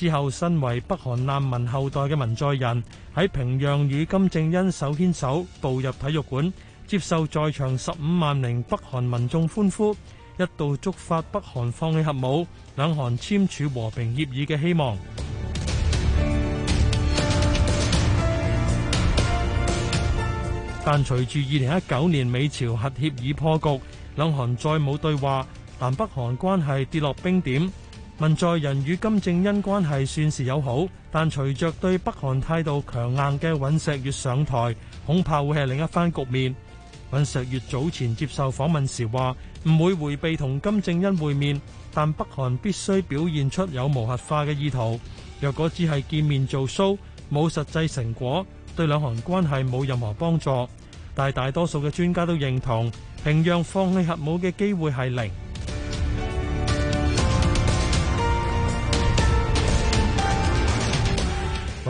之後，身為北韓難民後代嘅文在寅喺平壤與金正恩手牽手步入體育館，接受在場十五萬名北韓民眾歡呼，一度觸發北韓放棄核武、兩韓簽署和平協議嘅希望。但隨住二零一九年美朝核協議破局，兩韓再冇對話，南北韓關係跌落冰點。文在寅與金正恩關係算是友好，但隨著對北韓態度強硬嘅尹錫悦上台，恐怕會係另一番局面。尹錫悦早前接受訪問時話：唔會迴避同金正恩會面，但北韓必須表現出有無核化嘅意圖。若果只係見面做 show，冇實際成果，對兩韓關係冇任何幫助。但係大多數嘅專家都認同，平壤放棄核武嘅機會係零。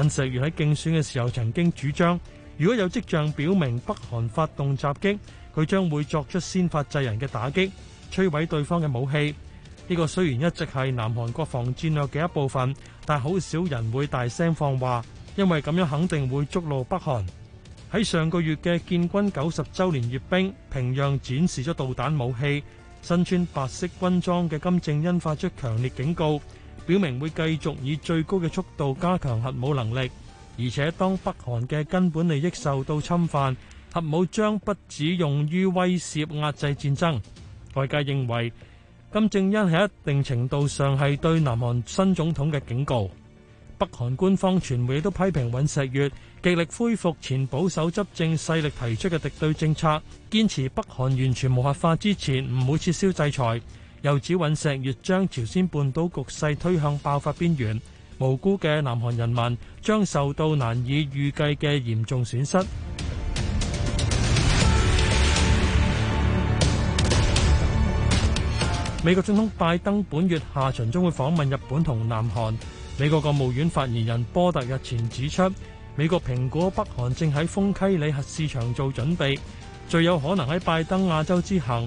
尹錫悅喺競選嘅時候曾經主張，如果有跡象表明北韓發動襲擊，佢將會作出先發制人嘅打擊，摧毀對方嘅武器。呢個雖然一直係南韓國防戰略嘅一部分，但係好少人會大聲放話，因為咁樣肯定會觸怒北韓。喺上個月嘅建軍九十周年閱兵，平壤展示咗導彈武器，身穿白色軍裝嘅金正恩發出強烈警告。表明會繼續以最高嘅速度加強核武能力，而且當北韓嘅根本利益受到侵犯，核武將不止用於威懾壓制戰爭。外界認為金正恩喺一定程度上係對南韓新總統嘅警告。北韓官方傳媒都批評尹錫悦極力恢復前保守執政勢力提出嘅敵對政策，堅持北韓完全無核化之前唔會撤銷制裁。又指隕石月將朝鮮半島局勢推向爆發邊緣，無辜嘅南韓人民將受到難以預計嘅嚴重損失。 美國總統拜登本月下旬將會訪問日本同南韓，美國國務院發言人波特日前指出，美國評估，北韓正喺豐溪里核市場做準備，最有可能喺拜登亞洲之行。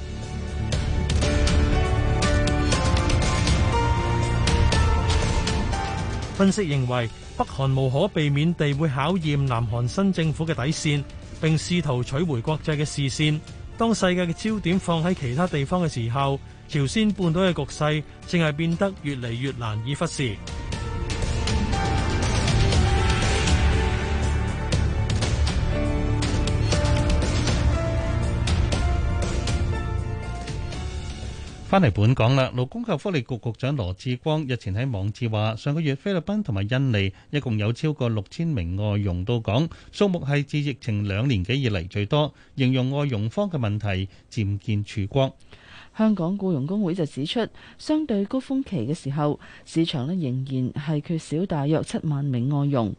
分析認為，北韓無可避免地會考驗南韓新政府嘅底線，並試圖取回國際嘅視線。當世界嘅焦點放喺其他地方嘅時候，朝鮮半島嘅局勢正係變得越嚟越難以忽視。返嚟本港啦，勞工及福利局局長羅志光日前喺網誌話，上個月菲律賓同埋印尼一共有超過六千名外傭到港，數目係自疫情兩年幾以嚟最多，形容外傭方嘅問題漸見曙光。香港僱傭工會就指出，相對高峰期嘅時候，市場咧仍然係缺少大約七萬名外傭，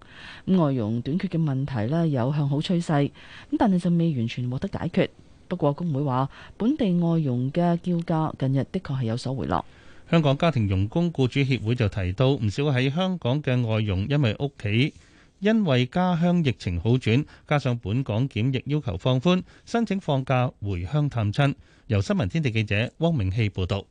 外傭短缺嘅問題咧有向好趨勢，但係就未完全獲得解決。.不過公，工會話本地外傭嘅叫價近日的確係有所回落。香港家庭傭工僱主協會就提到，唔少喺香港嘅外傭因為屋企因為家鄉疫情好轉，加上本港檢疫要求放寬，申請放假回鄉探親。由新聞天地記者汪明熙報道。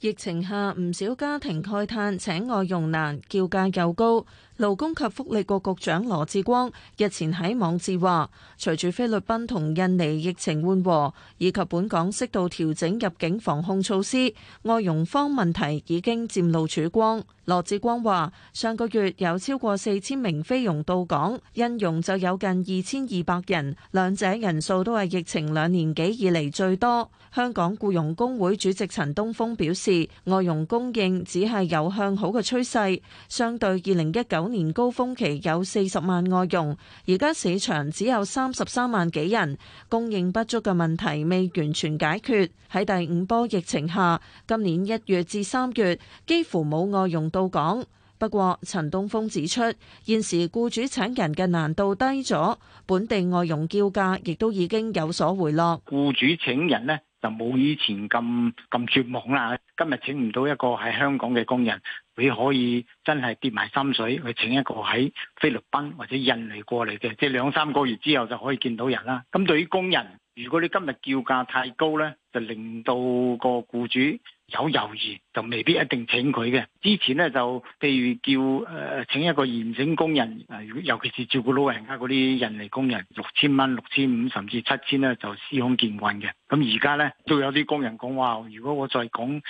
疫情下，唔少家庭慨嘆，請外傭難，叫價又高。勞工及福利局局長羅致光日前喺網誌話，隨住菲律賓同印尼疫情緩和，以及本港適度調整入境防控措施，外傭方問題已經漸露曙光。羅致光話，上個月有超過四千名菲傭到港，印傭就有近二千二百人，兩者人數都係疫情兩年幾以嚟最多。香港僱傭工會主席陳東峰表示，外傭供應只係有向好嘅趨勢，相對二零一九，往年高峰期有四十萬外傭，而家市場只有三十三萬幾人，供應不足嘅問題未完全解決。喺第五波疫情下，今年一月至三月幾乎冇外傭到港。不過陳東風指出，現時僱主請人嘅難度低咗，本地外傭叫價亦都已經有所回落。僱主請人呢，就冇以前咁咁絕望啦。今日請唔到一個喺香港嘅工人，你可以真係跌埋心水去請一個喺菲律賓或者印尼過嚟嘅，即係兩三個月之後就可以見到人啦。咁對於工人，如果你今日叫價太高呢，就令到個僱主有猶豫。就未必一定請佢嘅。之前咧，就譬如叫誒，請一個延整工人，誒，尤其是照顧老人家嗰啲人嚟工人，六千蚊、六千五甚至七千咧，就司空見慣嘅。咁而家咧，都有啲工人講話，如果我再講誒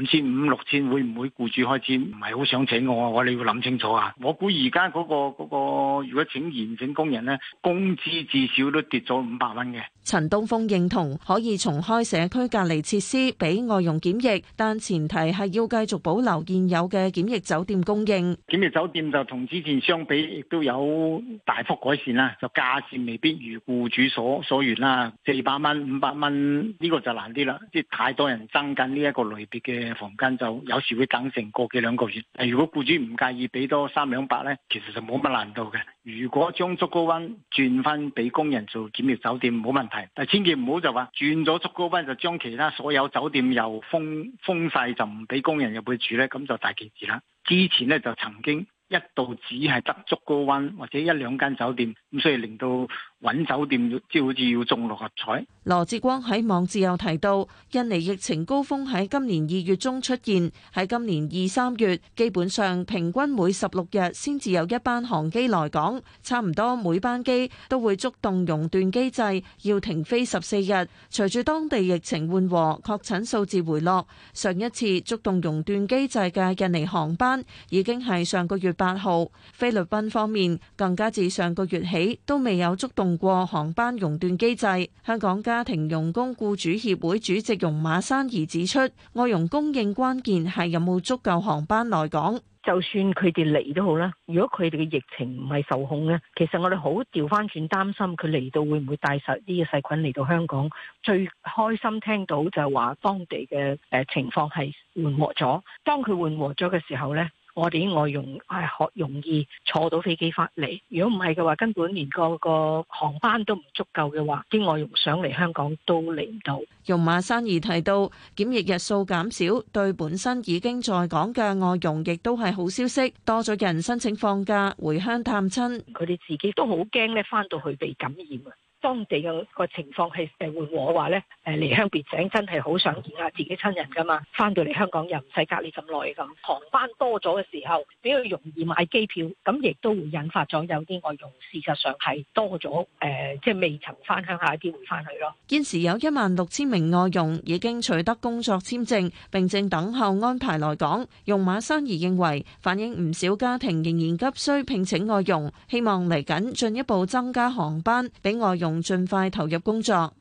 五千五六千，會唔會僱主開支唔係好想請我？啊，我你要諗清楚啊！我估而家嗰個嗰個，如果請延整工人咧，工資至少都跌咗五百蚊嘅。陳東峯認同可以重開社區隔離設施俾外傭檢疫，但前提。係要繼續保留現有嘅檢疫酒店供應，檢疫酒店就同之前相比，亦都有大幅改善啦。就價錢未必如雇主所所願啦，四百蚊、五百蚊呢個就難啲啦。即係太多人爭緊呢一個類別嘅房間，就有時會等成個幾兩個月。如果雇主唔介意俾多三兩百咧，其實就冇乜難度嘅。如果將竹篙灣轉翻俾工人做檢疫酒店冇問題，但千祈唔好就話轉咗竹篙灣就將其他所有酒店又封封曬，就唔俾工人入去住呢咁就大件事啦。之前呢，就曾經一度只係得竹篙灣或者一兩間酒店，咁所以令到。揾酒店要照住要中六合彩。羅志光喺網誌又提到，印尼疫情高峰喺今年二月中出現，喺今年二三月基本上平均每十六日先至有一班航機來港，差唔多每班機都會觸動熔斷機制，要停飛十四日。隨住當地疫情緩和，確診數字回落，上一次觸動熔斷機制嘅印尼航班已經係上個月八號。菲律賓方面更加自上個月起都未有觸動。過航班熔斷機制，香港家庭傭工僱主協會主席容馬珊怡指出，外傭供應關鍵係有冇足夠航班來港。就算佢哋嚟都好啦，如果佢哋嘅疫情唔係受控呢，其實我哋好調翻轉擔心佢嚟到會唔會帶晒啲嘅細菌嚟到香港。最開心聽到就係話當地嘅誒情況係緩和咗。當佢緩和咗嘅時候呢。 我哋啲外傭係好容易坐到飛機返嚟，如果唔係嘅話，根本連個個航班都唔足夠嘅話，啲外傭上嚟香港都嚟唔到。容馬生兒提到檢疫日數減少，對本身已經在港嘅外佣亦都係好消息，多咗人申請放假回鄉探親，佢哋自己都好驚咧，翻到去被感染啊！當地嘅個情況係誒緩和話咧，離鄉別井真係好想見下自己親人噶嘛，翻到嚟香港又唔使隔離咁耐咁，航班多咗嘅時候比較容易買機票，咁亦都會引發咗有啲外傭事實上係多咗誒、呃，即係未曾翻鄉下嘅機會翻去咯。現時有一萬六千名外傭已經取得工作簽證，並正等候安排來港。馮馬生兒認為反映唔少家庭仍然急需聘請外傭，希望嚟緊進一步增加航班俾外傭。盡快投入工作。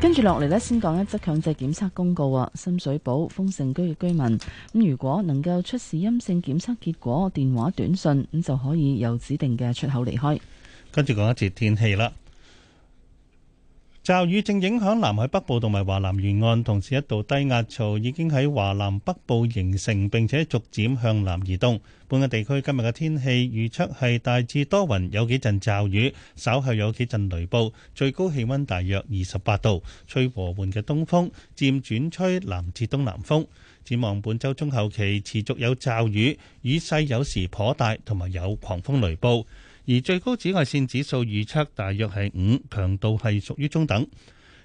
跟住落嚟咧，先講一則強制檢測公告啊。深水埗、豐盛居嘅居民咁，如果能夠出示陰性檢測結果、電話短信咁，就可以由指定嘅出口離開。跟住講一節天氣啦。驟雨正影響南海北部同埋華南沿岸，同時一道低壓槽已經喺華南北部形成，並且逐漸向南移動。本地區今日嘅天氣預測係大致多雲，有幾陣驟雨，稍後有幾陣雷暴，最高氣溫大約二十八度，吹和緩嘅東風，漸轉吹南至東南風。展望本週中後期持續有驟雨，雨勢有時頗大，同埋有狂風雷暴。而最高紫外線指數預測大約係五，強度係屬於中等。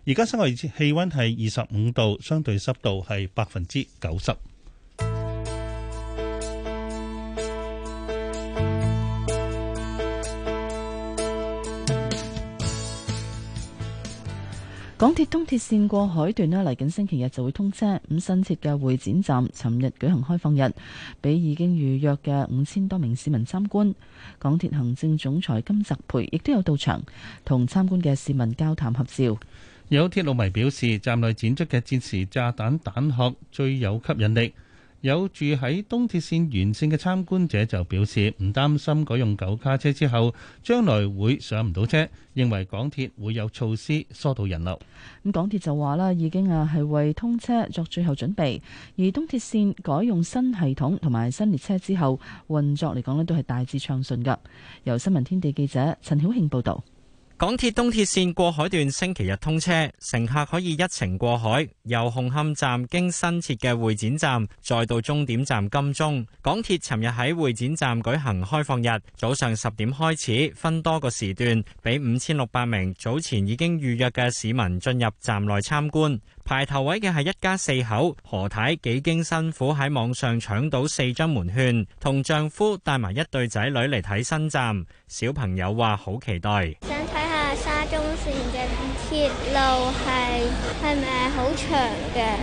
而家室外氣溫係二十五度，相對濕度係百分之九十。港鐵東鐵綫過海段呢嚟緊星期日就會通車，咁新設嘅會展站，尋日舉行開放日，俾已經預約嘅五千多名市民參觀。港鐵行政總裁金澤培亦都有到場，同參觀嘅市民交談合照。有鐵路迷表示，站內展出嘅戰時炸彈彈殼最有吸引力。有住喺東鐵線沿線嘅參觀者就表示唔擔心改用九卡車之後，將來會上唔到車，認為港鐵會有措施疏導人流。咁港鐵就話啦，已經啊係為通車作最後準備，而東鐵線改用新系統同埋新列車之後，運作嚟講咧都係大致暢順嘅。由新聞天地記者陳曉慶報道。港鐵東鐵綫過海段星期日通車，乘客可以一程過海，由紅磡站經新設嘅會展站，再到終點站金鐘。港鐵尋日喺會展站舉行開放日，早上十點開始，分多個時段，俾五千六百名早前已經預約嘅市民進入站內參觀。排頭位嘅係一家四口，何太幾經辛苦喺網上搶到四張門券，同丈夫帶埋一對仔女嚟睇新站。小朋友話好期待。路係係咪好長嘅？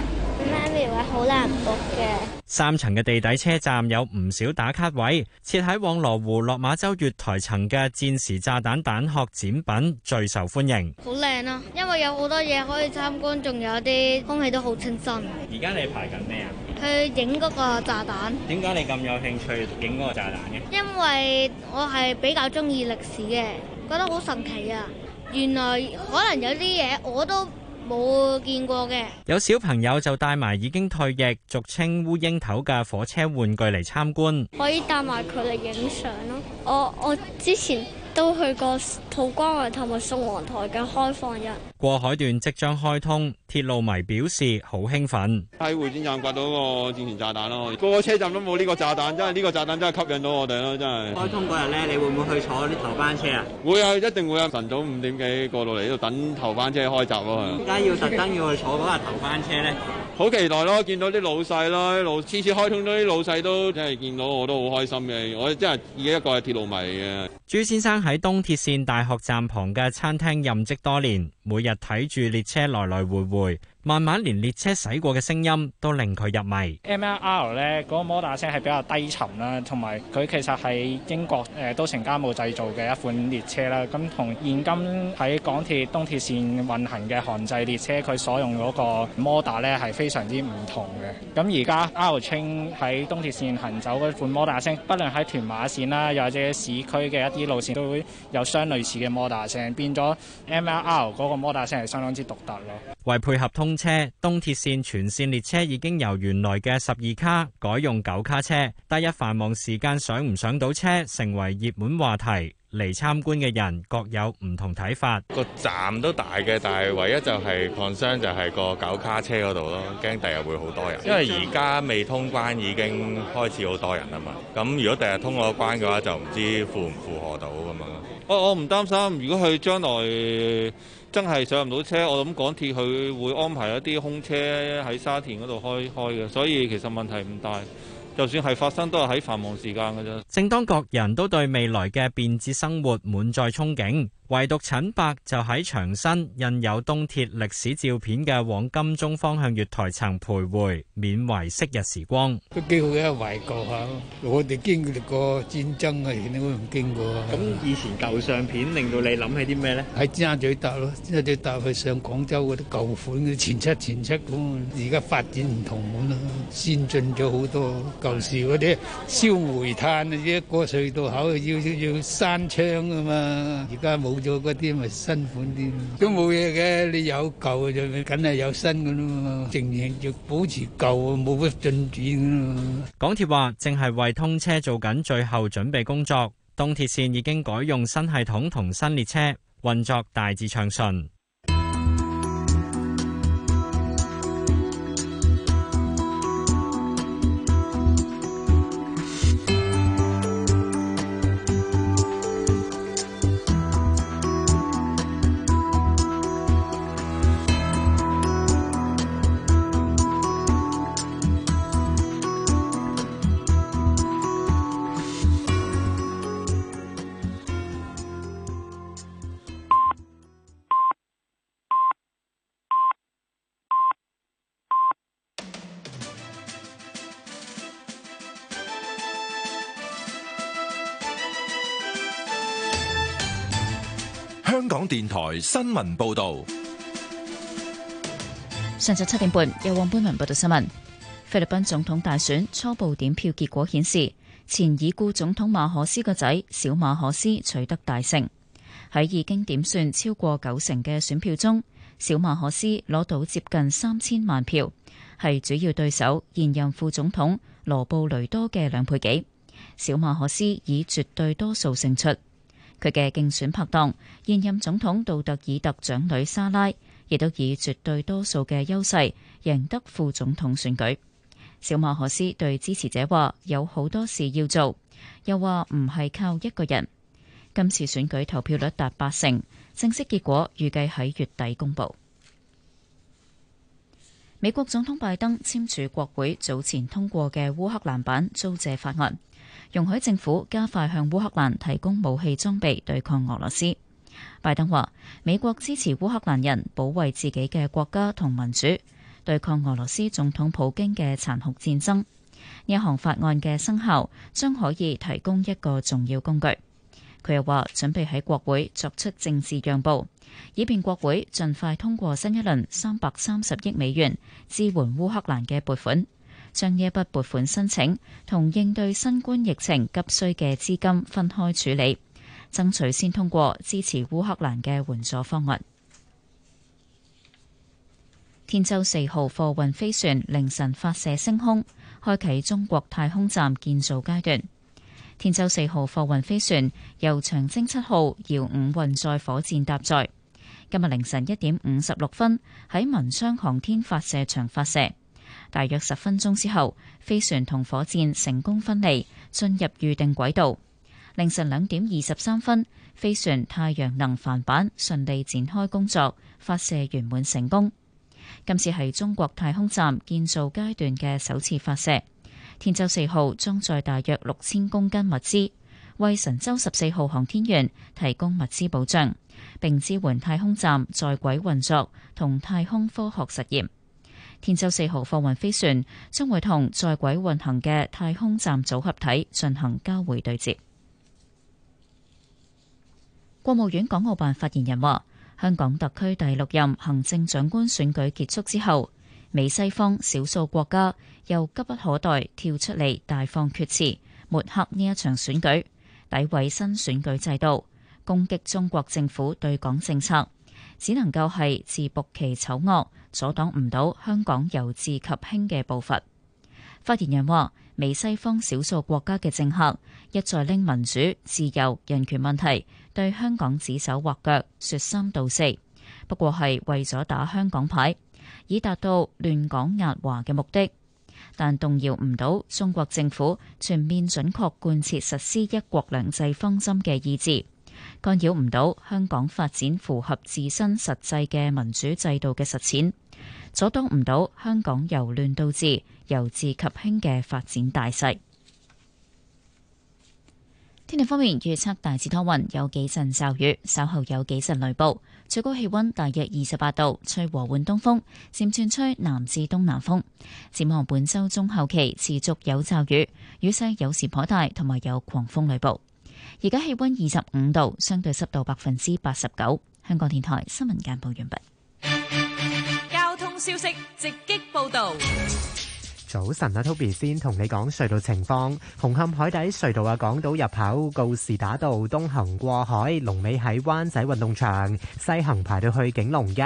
媽咪話好難駁嘅。嗯、三層嘅地底車站有唔少打卡位，設喺旺羅湖落馬洲月台層嘅戰時炸彈彈殼展品最受歡迎。好靚啊！因為有好多嘢可以參觀，仲有啲空氣都好清新。而家你在排緊咩啊？去影嗰個炸彈。點解你咁有興趣影嗰個炸彈嘅？因為我係比較中意歷史嘅，覺得好神奇啊！原來可能有啲嘢我都冇見過嘅。有小朋友就帶埋已經退役，俗稱烏蠅頭嘅火車玩具嚟參觀，可以帶埋佢嚟影相咯。我我之前都去過土瓜灣同埋宋皇台嘅開放日。過海段即將開通，鐵路迷表示好興奮。喺會展站掘到個戰前炸彈咯，個個車站都冇呢個炸彈，真係呢個炸彈真係吸引到我哋咯，真係開通嗰日咧，你會唔會去坐啲頭班車啊？會啊，一定會啊！晨早五點幾過到嚟呢度等頭班車開閘咯。點解要特登要去坐嗰日頭班車咧，好 期待咯！見到啲老細啦，老次次開通都啲老細都真係見到我，我都好開心嘅。我真係而家一個係鐵路迷嘅朱先生喺東鐵綫大學站旁嘅餐廳任職多年。每日睇住列車來來回回。慢慢，連列車駛過嘅聲音都令佢入迷。M R L 咧嗰個摩打聲係比較低沉啦，同埋佢其實係英國誒都城家務製造嘅一款列車啦。咁同現今喺港鐵東鐵線運行嘅韓製列車，佢所用嗰個摩打咧係非常之唔同嘅。咁而家 R 青喺東鐵線行走嗰款摩打聲，不論喺屯馬線啦，又或者市區嘅一啲路線，都會有相類似嘅摩打聲，變咗 M R L 嗰個摩打聲係相當之獨特咯。為配合通車，東鐵線全線列車已經由原來嘅十二卡改用九卡車，第一繁忙時間上唔上到車，成為熱門話題。嚟參觀嘅人各有唔同睇法，個站都大嘅，但係唯一就係 concern 就係個九卡車嗰度咯，驚第日會好多人。因為而家未通關已經開始好多人啊嘛，咁如果第日通咗關嘅話，就唔知負唔負荷到啊嘛。我我唔擔心，如果佢將來真係上唔到車，我諗港鐵佢會安排一啲空車喺沙田嗰度開開嘅，所以其實問題唔大。就算係發生，都係喺繁忙時間㗎啫。正當各人都對未來嘅便捷生活滿載憧憬。唯獨陳伯就喺長新印有東鐵歷史照片嘅往金鐘方向月台層徘徊，緬懷昔日時光。佢幾好嘅懷舊下，我哋經歷過戰爭啊，而你冇經過。咁以前舊相片令到你諗起啲咩咧？喺尖咀搭咯，尖咀搭去上廣州嗰啲舊款嘅前七前七咁，而家發展唔同咁啦，先進咗好多。舊時嗰啲燒煤炭啊，一過隧道口要要要閂窗㗎嘛，而家冇。做嗰啲咪新款啲，都冇嘢嘅。你有舊就咪，梗係有新嘅咯。淨係就保持舊，冇乜進展啦。港鐵話，正係為通車做緊最後準備工作，東鐵線已經改用新系統同新列車，運作大致暢順。台新聞報道，上晝七點半有黃冠文報道新聞。菲律賓總統大選初步點票結果顯示，前已故總統馬可斯個仔小馬可斯取得大勝。喺已經點算超過九成嘅選票中，小馬可斯攞到接近三千萬票，係主要對手現任副總統羅布雷多嘅兩倍幾。小馬可斯以絕對多數勝出。佢嘅競選拍檔現任總統杜特爾特長女莎拉，亦都以絕對多數嘅優勢贏得副總統選舉。小馬可斯對支持者話：有好多事要做，又話唔係靠一個人。今次選舉投票率達八成，正式結果預計喺月底公佈。美國總統拜登簽署國會早前通過嘅烏克蘭版租借法案。容許政府加快向烏克蘭提供武器裝備對抗俄羅斯。拜登話：美國支持烏克蘭人保衛自己嘅國家同民主，對抗俄羅斯總統普京嘅殘酷戰爭。呢項法案嘅生效將可以提供一個重要工具。佢又話：準備喺國會作出政治讓步，以便國會盡快通過新一輪三百三十億美元支援烏克蘭嘅撥款。將呢筆撥款申請同應對新冠疫情急需嘅資金分開處理，爭取先通過支持烏克蘭嘅援助方案。天舟四號貨運飛船凌晨發射升空，開啟中國太空站建造階段。天舟四號貨運飛船由長征七號遙五運載火箭搭載，今日凌晨一點五十六分喺文昌航天發射場發射。大約十分鐘之後，飛船同火箭成功分離，進入預定軌道。凌晨兩點二十三分，飛船太陽能帆板順利展開工作，發射圓滿成功。今次係中國太空站建造階段嘅首次發射。天舟四號裝載大約六千公斤物資，為神舟十四號航天員提供物資保障，並支援太空站在軌運作同太空科學實驗。天舟四號貨運飛船將會同在軌運行嘅太空站組合體進行交會對接。國務院港澳辦發言人話，香港特區第六任行政長官選舉結束之後，美西方少數國家又急不可待跳出嚟，大放厥詞，抹黑呢一場選舉，詆毀新選舉制度，攻擊中國政府對港政策，只能夠係自曝其醜惡，阻擋唔到香港由治及興嘅步伐。發言人話：美西方少數國家嘅政客一再拎民主、自由、人權問題對香港指手畫腳、説三道四，不過係為咗打香港牌，以達到亂港壓華嘅目的，但動搖唔到中國政府全面準確貫徹實施一國兩制方針嘅意志。干擾唔到香港發展符合自身實際嘅民主制度嘅實踐，阻擋唔到香港由亂到治、由治及興嘅發展大勢。天氣方面預測大致多雲，有幾陣驟雨，稍後有幾陣雷暴，最高氣溫大約二十八度，吹和緩東風，漸轉吹南至東南風。展望本周中後期持續有驟雨，雨勢有時頗大，同埋有狂風雷暴。而家氣溫二十五度，相對濕度百分之八十九。香港電台新聞簡報完畢。交通消息直擊報道。早晨啊，Toby 先同你講隧道情況。紅磡海底隧道啊，港島入口告士打道東行過海，龍尾喺灣仔運動場；西行排到去景隆街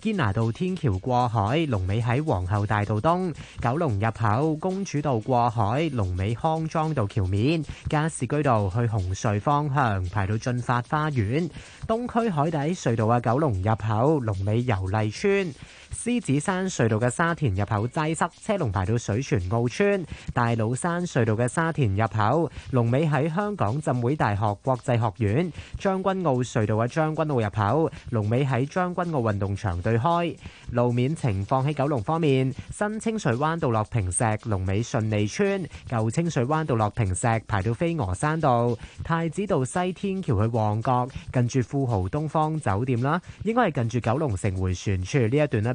堅拿道天橋過海，龍尾喺皇后大道東。九龍入口公主道過海，龍尾康莊道橋面，加士居道去紅隧方向排到駿發花園。東區海底隧道啊，九龍入口龍尾油麗邨。獅子山隧道嘅沙田入口擠塞，車龍排到水泉澳村；大老山隧道嘅沙田入口，龍尾喺香港浸會大學國際學院；將軍澳隧道嘅將軍澳入口，龍尾喺將軍澳運動場對開。路面情況喺九龍方面，新清水灣道落坪石龍尾順利村，舊清水灣道落坪石排到飛鵝山道；太子道西天橋去旺角，近住富豪東方酒店啦，應該係近住九龍城回旋處呢一段咧。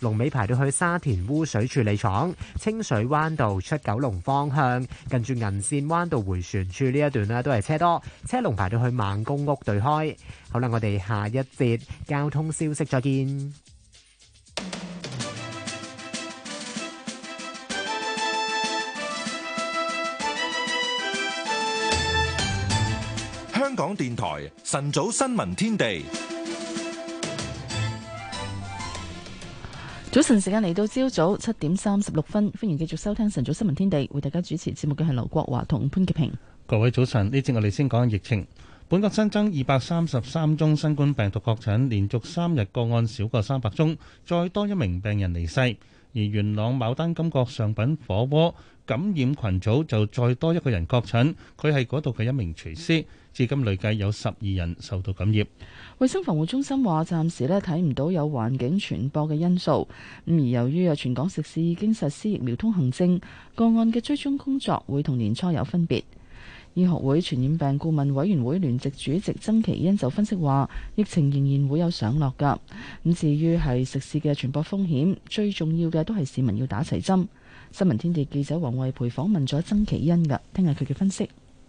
龍尾排到去沙田污水處理廠，清水灣道出九龍方向，近住銀線灣道回旋處呢一段咧都係車多，車龍排到去孟公屋對開。好啦，我哋下一節交通消息再見。香港電台晨早新聞天地。早晨，時間嚟到朝早七點三十六分，歡迎繼續收聽晨早新聞天地，為大家主持節目嘅係劉國華同潘潔平。各位早晨，呢次我哋先講疫情。本國新增二百三十三宗新冠病毒確診，連續三日個案少過三百宗，再多一名病人離世。而元朗牡丹金閣上品火鍋感染群組就再多一個人確診，佢係嗰度嘅一名廚師，至今累計有十二人受到感染。衛生防護中心話，暫時咧睇唔到有環境傳播嘅因素。咁而由於啊，全港食肆已經實施疫苗通行證，個案嘅追蹤工作會同年初有分別。醫學會傳染病顧問委員會聯席主席曾其恩就分析話，疫情仍然會有上落噶。咁至於係食肆嘅傳播風險，最重要嘅都係市民要打齊針。新聞天地記者黃慧培訪問咗曾其恩噶，聽下佢嘅分析。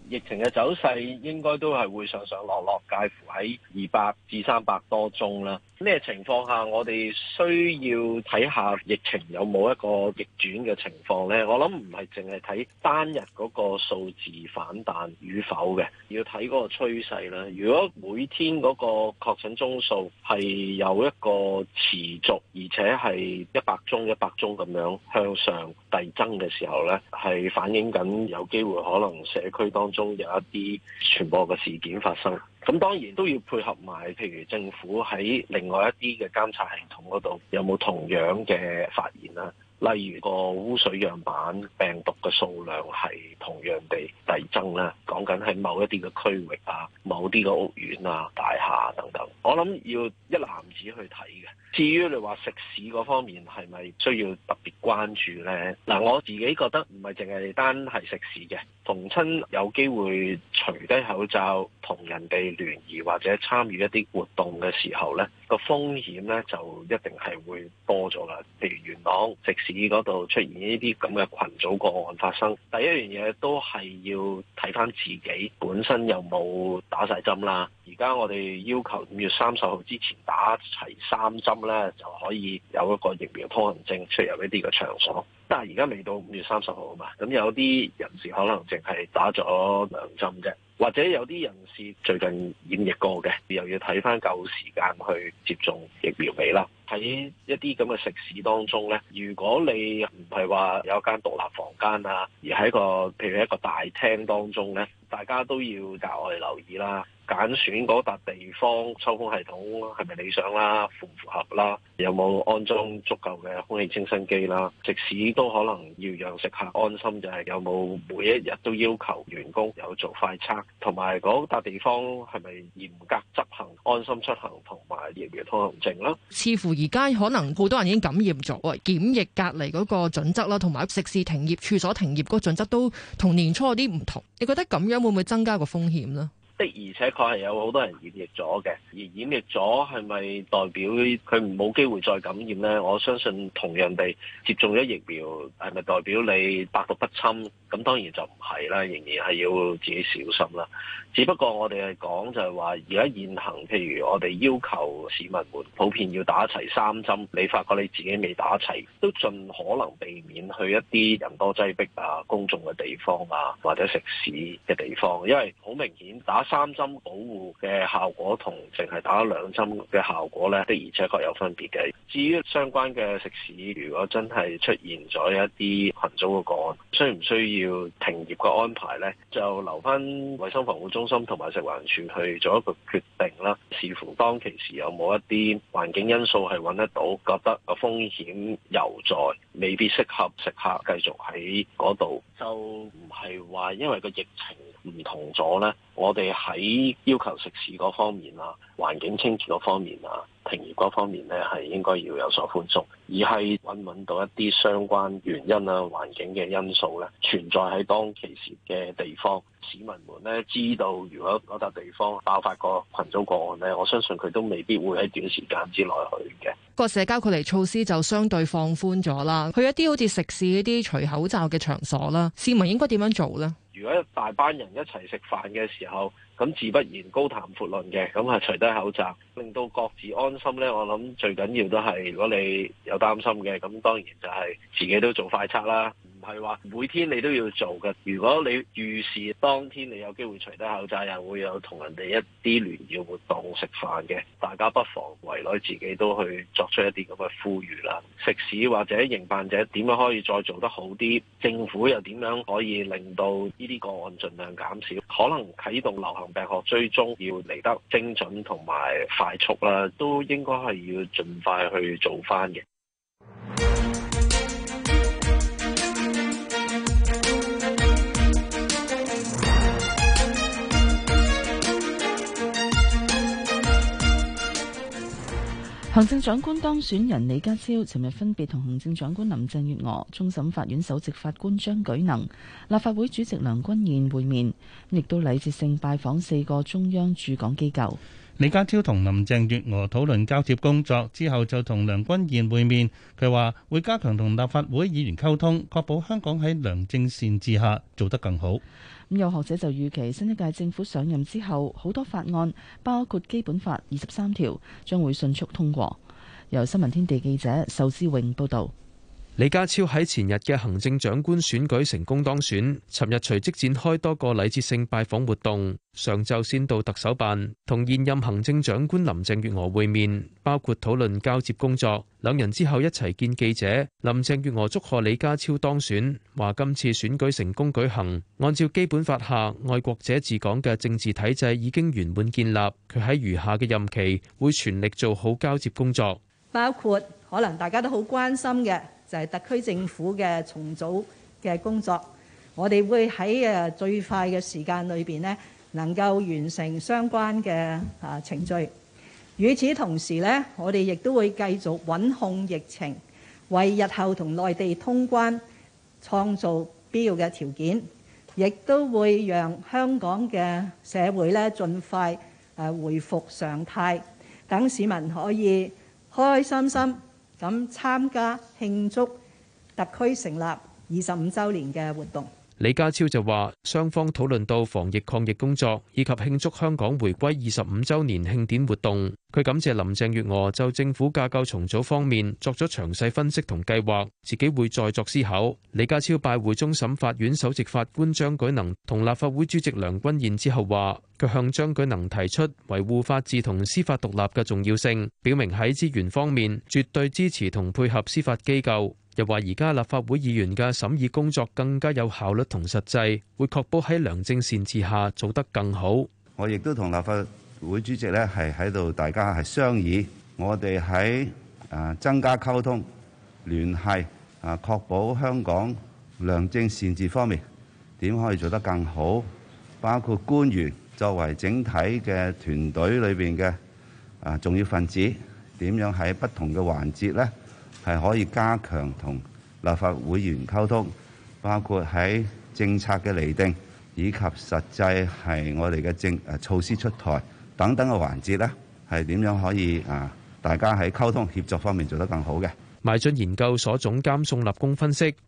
疫情嘅走勢應該都係會上上落落，介乎喺二百至三百多宗啦。咩情況下我哋需要睇下疫情有冇一個逆轉嘅情況呢？我諗唔係淨係睇單日嗰個數字反彈與否嘅，要睇嗰個趨勢啦。如果每天嗰個確診宗數係有一個持續，而且係一百宗、一百宗咁樣向上遞增嘅時候呢，係反映緊有機會可能社區當中有一啲傳播嘅事件發生。咁當然都要配合埋，譬如政府喺另外一啲嘅監察系統嗰度有冇同樣嘅發現啦。例如個污水樣本病毒嘅數量係同樣地遞增啦，講緊喺某一啲嘅區域啊、某啲嘅屋苑啊、大廈等等，我諗要一籃子去睇嘅。至於你話食肆嗰方面係咪需要特別關注呢？嗱，我自己覺得唔係淨係單係食肆嘅，逢親有機會除低口罩同人哋聯誼或者參與一啲活動嘅時候呢。個風險咧就一定係會多咗啦。譬如元朗、食肆嗰度出現呢啲咁嘅群組個案發生，第一樣嘢都係要睇翻自己本身有冇打晒針啦。而家我哋要求五月三十號之前打齊三針咧，就可以有一個疫苗通行證出入呢啲嘅場所。但係而家未到五月三十號啊嘛，咁有啲人士可能淨係打咗兩針啫，或者有啲人士最近染疫過嘅，又要睇翻夠時間去接種疫苗俾啦。喺一啲咁嘅食肆當中呢，如果你唔係話有間獨立房間啊，而喺個譬如一個大廳當中呢，大家都要格外留意啦。揀選嗰笪地方抽風系統係咪理想啦？符唔符合啦？有冇安裝足夠嘅空氣清新機啦？食肆都可能要讓食客安心，就係有冇每一日都要求員工有做快測，同埋嗰笪地方係咪嚴格執行安心出行同埋疫苗通行證啦？似乎而家可能好多人已經感染咗，喂，檢疫隔離嗰個準則啦，同埋食肆停業、處所停業嗰個準則都同年初有啲唔同。你覺得咁樣會唔會增加個風險呢？的而且確係有好多人染疫咗嘅，而染疫咗係咪代表佢冇機會再感染咧？我相信同樣地接種咗疫苗，係咪代表你百毒不侵？咁當然就唔係啦，仍然係要自己小心啦。只不過我哋係講就係話而家現行，譬如我哋要求市民們普遍要打齊三針，你發覺你自己未打齊，都盡可能避免去一啲人多擠逼啊、公眾嘅地方啊，或者食肆嘅地方，因為好明顯打。三針保護嘅效果同淨係打兩針嘅效果呢，的而且確有分別嘅。至於相關嘅食肆，如果真係出現咗一啲群組嘅個案，需唔需要停業嘅安排呢？就留翻衞生防護中心同埋食環署去做一個決定啦。視乎當其時有冇一啲環境因素係揾得到，覺得個風險猶在，未必適合食客繼續喺嗰度。就唔係話因為個疫情唔同咗呢，我哋。喺要求食肆嗰方面啊、環境清潔嗰方面啊、停業嗰方面咧，係應該要有所寬鬆，而係揾揾到一啲相關原因啊、環境嘅因素咧，存在喺當其時嘅地方，市民們咧知道，如果嗰笪地方爆發過群組個案咧，我相信佢都未必會喺短時間之內去嘅。個社交距離措施就相對放寬咗啦，去一啲好似食肆嗰啲除口罩嘅場所啦，市民應該點樣做咧？如果一大班人一齊食飯嘅時候，咁自不然高談闊論嘅，咁係除低口罩，令到各自安心呢。我諗最緊要都係，如果你有擔心嘅，咁當然就係自己都做快測啦。係話每天你都要做嘅。如果你預示當天你有機會除低口罩，又會有同人哋一啲聯繫活動食飯嘅，大家不妨為咗自己都去作出一啲咁嘅呼籲啦。食肆或者營辦者點樣可以再做得好啲？政府又點樣可以令到呢啲個案盡量減少？可能啟動流行病學追蹤要嚟得精準同埋快速啦、啊，都應該係要盡快去做翻嘅。行政長官當選人李家超尋日分別同行政長官林鄭月娥、終審法院首席法官張舉能、立法會主席梁君彥會面，亦都禮節性拜訪四個中央駐港機構。李家超同林鄭月娥討論交接工作之後，就同梁君彥會面。佢話會加強同立法會議員溝通，確保香港喺良政善治下做得更好。咁有學者就預期新一屆政府上任之後，好多法案，包括基本法二十三條，將會迅速通過。由新聞天地記者仇思永報導。李家超喺前日嘅行政長官選舉成功當選，尋日隨即展開多個禮節性拜訪活動。上晝先到特首辦同現任行政長官林鄭月娥會面，包括討論交接工作。兩人之後一齊見記者。林鄭月娥祝賀李家超當選，話今次選舉成功舉行，按照基本法下愛國者治港嘅政治體制已經圓滿建立。佢喺餘下嘅任期會全力做好交接工作，包括可能大家都好關心嘅。就係特區政府嘅重組嘅工作，我哋會喺誒最快嘅時間裏邊咧，能夠完成相關嘅啊程序。與此同時呢，我哋亦都會繼續穩控疫情，為日後同內地通關創造必要嘅條件，亦都會讓香港嘅社會咧盡快誒恢復常態，等市民可以開開心心。咁參加慶祝特區成立二十五週年嘅活動。李家超就話雙方討論到防疫抗疫工作以及慶祝香港回歸二十五周年慶典活動，佢感謝林鄭月娥就政府架構重組方面作咗詳細分析同計劃，自己會再作思考。李家超拜會終審法院首席法官張舉能同立法會主席梁君彥之後話，佢向張舉能提出維護法治同司法獨立嘅重要性，表明喺資源方面絕對支持同配合司法機構。又話而家立法會議員嘅審議工作更加有效率同實際，會確保喺良政善治下做得更好。我亦都同立法會主席咧，係喺度大家係商議，我哋喺啊增加溝通聯繫啊，確保香港良政善治方面點可以做得更好，包括官員作為整體嘅團隊裏邊嘅啊重要分子，點樣喺不同嘅環節咧？係可以加強同立法會議員溝通，包括喺政策嘅厘定，以及實際係我哋嘅政誒措施出台等等嘅環節啦，係點樣可以啊？大家喺溝通協作方面做得更好嘅。邁進研究所總監宋立功分析。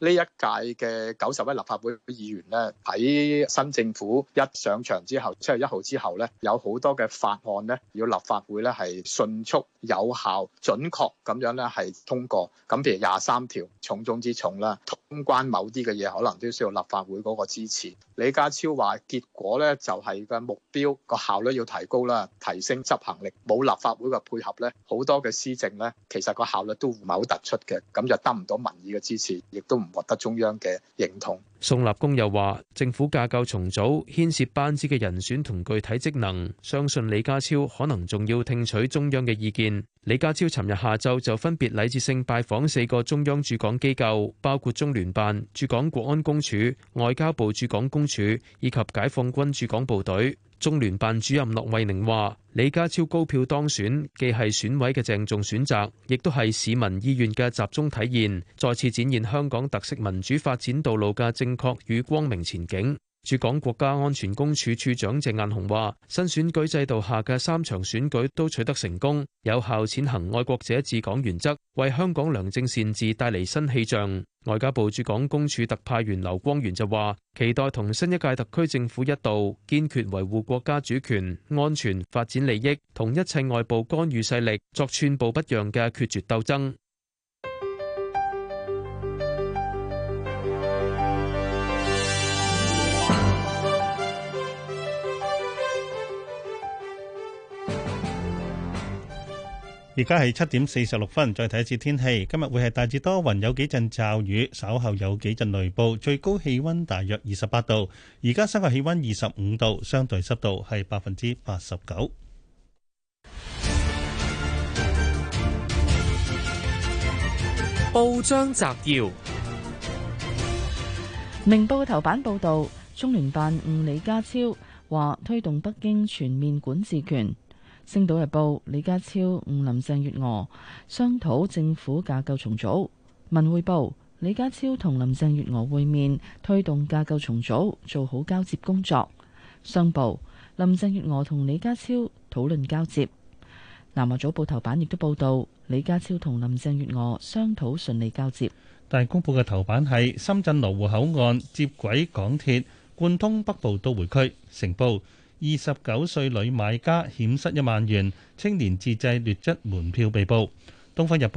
呢一屆嘅九十一位立法會議員咧，喺新政府一上場之後，七月一號之後咧，有好多嘅法案咧，要立法會咧係迅速、有效、準確咁樣咧係通過。咁譬如廿三條，重中之重啦，通關某啲嘅嘢，可能都需要立法會嗰個支持。李家超話，結果咧就係個目標個效率要提高啦，提升執行力。冇立法會嘅配合咧，好多嘅施政咧，其實個效率都唔係好突出嘅，咁就得唔到民意嘅支持，亦都唔獲得中央嘅認同。宋立功又話：政府架構重組牽涉班子嘅人選同具體職能，相信李家超可能仲要聽取中央嘅意見。李家超尋日下晝就分別禮節性拜訪四個中央駐港機構，包括中聯辦、駐港國安公署、外交部駐港公署以及解放軍駐港部隊。中聯辦主任駱惠寧話：李家超高票當選，既係選委嘅鄭重選擇，亦都係市民意願嘅集中體現，再次展現香港特色民主發展道路嘅正確與光明前景。駐港國家安全公署署長鄭雁雄話：新選舉制度下嘅三場選舉都取得成功，有效踐行愛國者治港原則，為香港良政善治帶嚟新氣象。外交部駐港公署特派員劉光源就話：期待同新一屆特區政府一道，堅決維護國家主權、安全、發展利益，同一切外部干預勢力作寸步不讓嘅決絕鬥爭。而家係七點四十六分，再睇一次天氣。今日會係大致多雲，有幾陣驟雨，稍後有幾陣雷暴，最高氣温大約二十八度。而家室外氣温二十五度，相對濕度係百分之八十九。報章摘要：明報頭版報導，中聯辦吳李家超話推動北京全面管治權。《星島日報》李家超晤林鄭月娥商討政府架構重組。《文匯報》李家超同林鄭月娥會面，推動架構重組，做好交接工作。《商報》林鄭月娥同李家超討論交接。《南華早報》頭版亦都報道李家超同林鄭月娥商討順利交接。但大公報嘅頭版係深圳羅湖口岸接軌港鐵，貫通北部都會區。成報。二十九歲女買家險失一萬元，青年自製劣質門票被捕。《東方日報》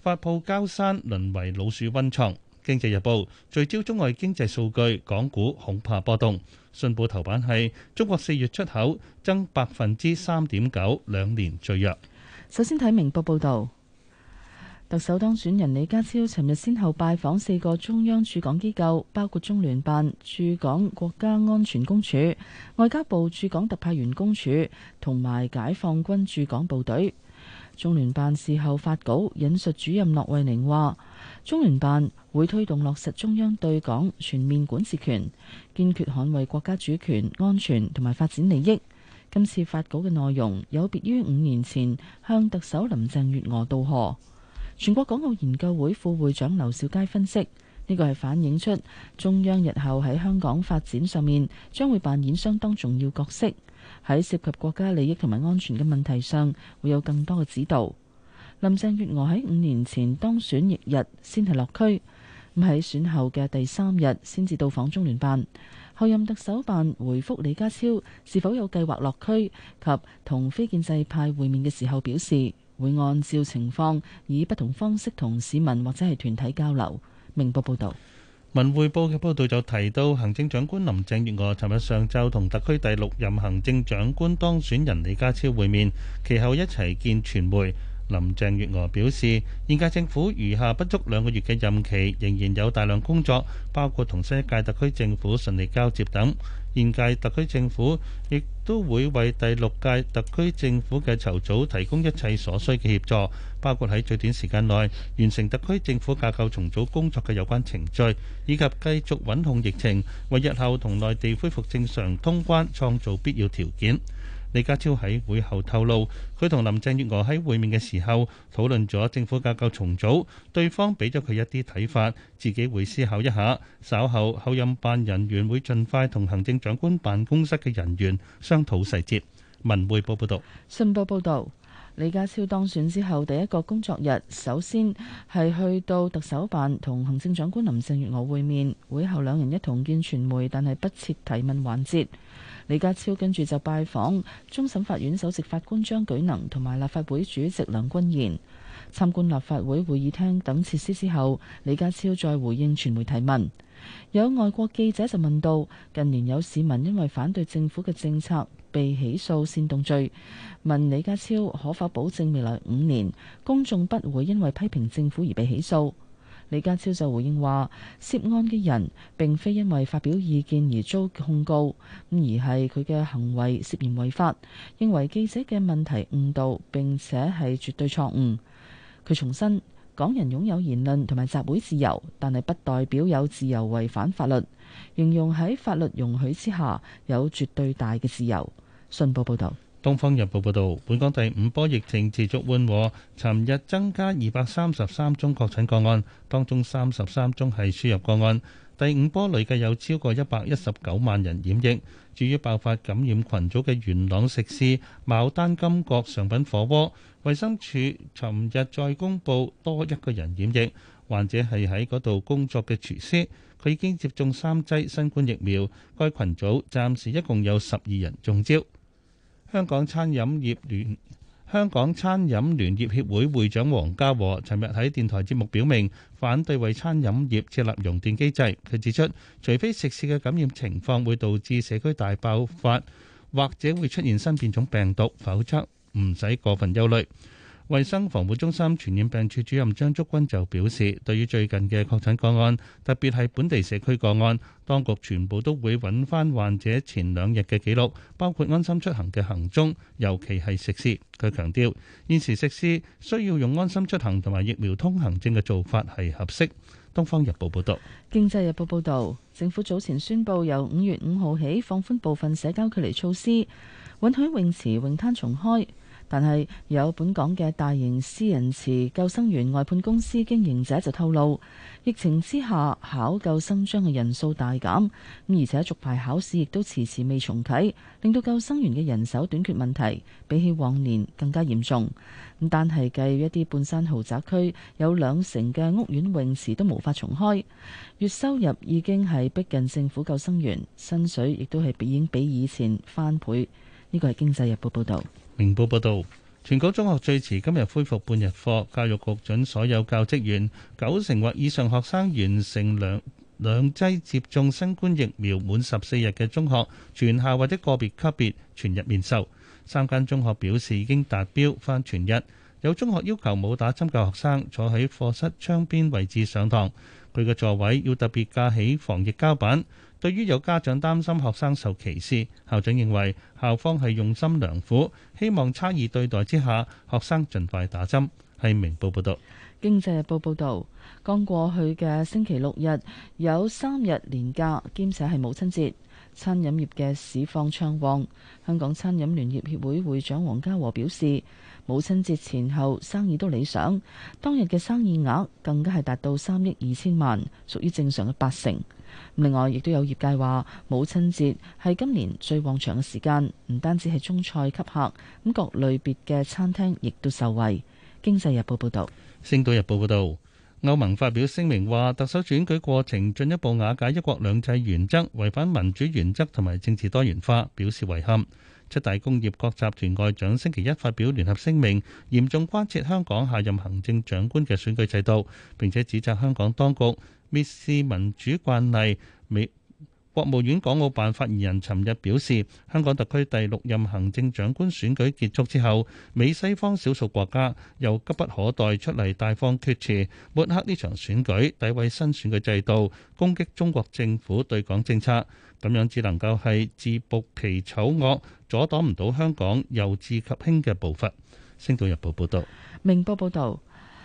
發泡膠山淪為老鼠溫床。《經濟日報》聚焦中外經濟數據，港股恐怕波動。信報頭版係中國四月出口增百分之三點九，兩年最弱。首先睇明報報導。特首當選人李家超尋日先後拜訪四個中央駐港機構，包括中聯辦、駐港國家安全公署、外交部駐港特派員公署同埋解放軍駐港部隊。中聯辦事後發稿引述主任駱惠寧話，中聯辦會推動落實中央對港全面管治權，堅決捍衛國家主權、安全同埋發展利益。今次發稿嘅內容有別於五年前向特首林鄭月娥道賀。全國港澳研究會副會長劉兆佳分析：呢、這個係反映出中央日後喺香港發展上面將會扮演相當重要角色，喺涉及國家利益同埋安全嘅問題上會有更多嘅指導。林鄭月娥喺五年前當選翌日先係落區，咁喺選後嘅第三日先至到訪中聯辦。候任特首辦回覆李家超是否有計劃落區及同非建制派會面嘅時候表示。會按照情況以不同方式同市民或者係團體交流。明報報導，文匯報嘅報道就提到，行政長官林鄭月娥尋日上晝同特區第六任行政長官當選人李家超會面，其後一齊見傳媒。林鄭月娥表示，現屆政府餘下不足兩個月嘅任期，仍然有大量工作，包括同新一屆特區政府順利交接等。現屆特區政府亦都會為第六屆特區政府嘅籌組提供一切所需嘅協助，包括喺最短時間內完成特區政府架構重組工作嘅有關程序，以及繼續穩控疫情，為日後同內地恢復正常通關創造必要條件。李家超喺會後透露，佢同林鄭月娥喺會面嘅時候討論咗政府架構重組，對方俾咗佢一啲睇法，自己會思考一下。稍後，後，候任辦人員會盡快同行政長官辦公室嘅人員商討細，細節。文匯報報道，信報報道，李家超當選之後第一個工作日，首先係去到特首辦同行政長官林鄭月娥會面，會後兩人一同見傳媒，但係不設提問環節。李家超跟住就拜訪終審法院首席法官張舉能同埋立法會主席梁君彥，參觀立法會會議廳等設施之後，李家超再回應傳媒提問。有外國記者就問到：近年有市民因為反對政府嘅政策被起訴煽動罪，問李家超可否保證未來五年公眾不會因為批評政府而被起訴？李家超就回應話，涉案嘅人並非因為發表意見而遭控告，而係佢嘅行為涉嫌違法。認為記者嘅問題誤導，並且係絕對錯誤。佢重申，港人擁有言論同埋集會自由，但係不代表有自由違反法律。形容喺法律容許之下有絕對大嘅自由。信報報道。《東方日報》報導，本港第五波疫情持續緩和，尋日增加二百三十三宗確診個案，當中三十三宗係輸入個案。第五波累計有超過一百一十九萬人染疫。至於爆發感染群組嘅元朗食肆「牡丹金閣上品火鍋」，衞生署尋日再公布多一個人染疫，患者係喺嗰度工作嘅廚師，佢已經接種三劑新冠疫苗。該群組暫時一共有十二人中招。香港餐飲業聯香港餐飲聯業協會會長黃家和，尋日喺電台節目表明反對為餐飲業設立熔斷機制。佢指出，除非食肆嘅感染情況會導致社區大爆發，或者會出現新變種病毒，否則唔使過分憂慮。衛生防護中心傳染病處主任張竹君就表示，對於最近嘅確診個案，特別係本地社區個案，當局全部都會揾翻患者前兩日嘅記錄，包括安心出行嘅行蹤，尤其係食肆。佢強調，現時食肆需要用安心出行同埋疫苗通行證嘅做法係合適。《東方日報》報道。《經濟日報》報道，政府早前宣布由五月五號起放寬部分社交距離措施，允許泳池、泳灘重開。但係有本港嘅大型私人池救生員外判公司經營者就透露，疫情之下考救生章嘅人數大減，而且續牌考試亦都遲遲未重啟，令到救生員嘅人手短缺問題比起往年更加嚴重。但單係計一啲半山豪宅區，有兩成嘅屋苑泳池都無法重開，月收入已經係逼近政府救生員薪水比，亦都係已經比以前翻倍。呢、這個係《經濟日報》報道。明報報導，全港中學最遲今日恢復半日課，教育局准所有教職員九成或以上學生完成兩兩劑接種新冠疫苗滿十四日嘅中學，全校或者個別級別全日面授。三間中學表示已經達標返全日，有中學要求冇打針嘅學生坐喺課室窗邊位置上堂，佢嘅座位要特別架起防疫膠板。對於有家長擔心學生受歧視，校長認為校方係用心良苦，希望差異對待之下，學生盡快打針。係明報報導。《經濟日報》報導，剛過去嘅星期六日有三日年假，兼且係母親節，餐飲業嘅市況暢旺。香港餐飲聯業協會會長黃家和表示，母親節前後生意都理想，當日嘅生意額更加係達到三億二千萬，屬於正常嘅八成。另外，亦都有業界話母親節係今年最旺場嘅時間，唔單止係中菜吸客，咁各類別嘅餐廳亦都受惠。經濟日報報道，星島日報報道，歐盟發表聲明話，特首選舉過程進一步瓦解一國兩制原則，違反民主原則同埋政治多元化，表示遺憾。七大工業國集團外長星期一發表聯合聲明，嚴重關切香港下任行政長官嘅選舉制度，並且指責香港當局。蔑視民主慣例，美國務院港澳辦發言人尋日表示，香港特區第六任行政長官選舉結束之後，美西方少數國家又急不可待出嚟大放厥詞，抹黑呢場選舉，詆毀新選嘅制度，攻擊中國政府對港政策，咁樣只能夠係自曝其醜惡，阻擋唔到香港由治及興嘅步伐。星島日報報導，明報報導。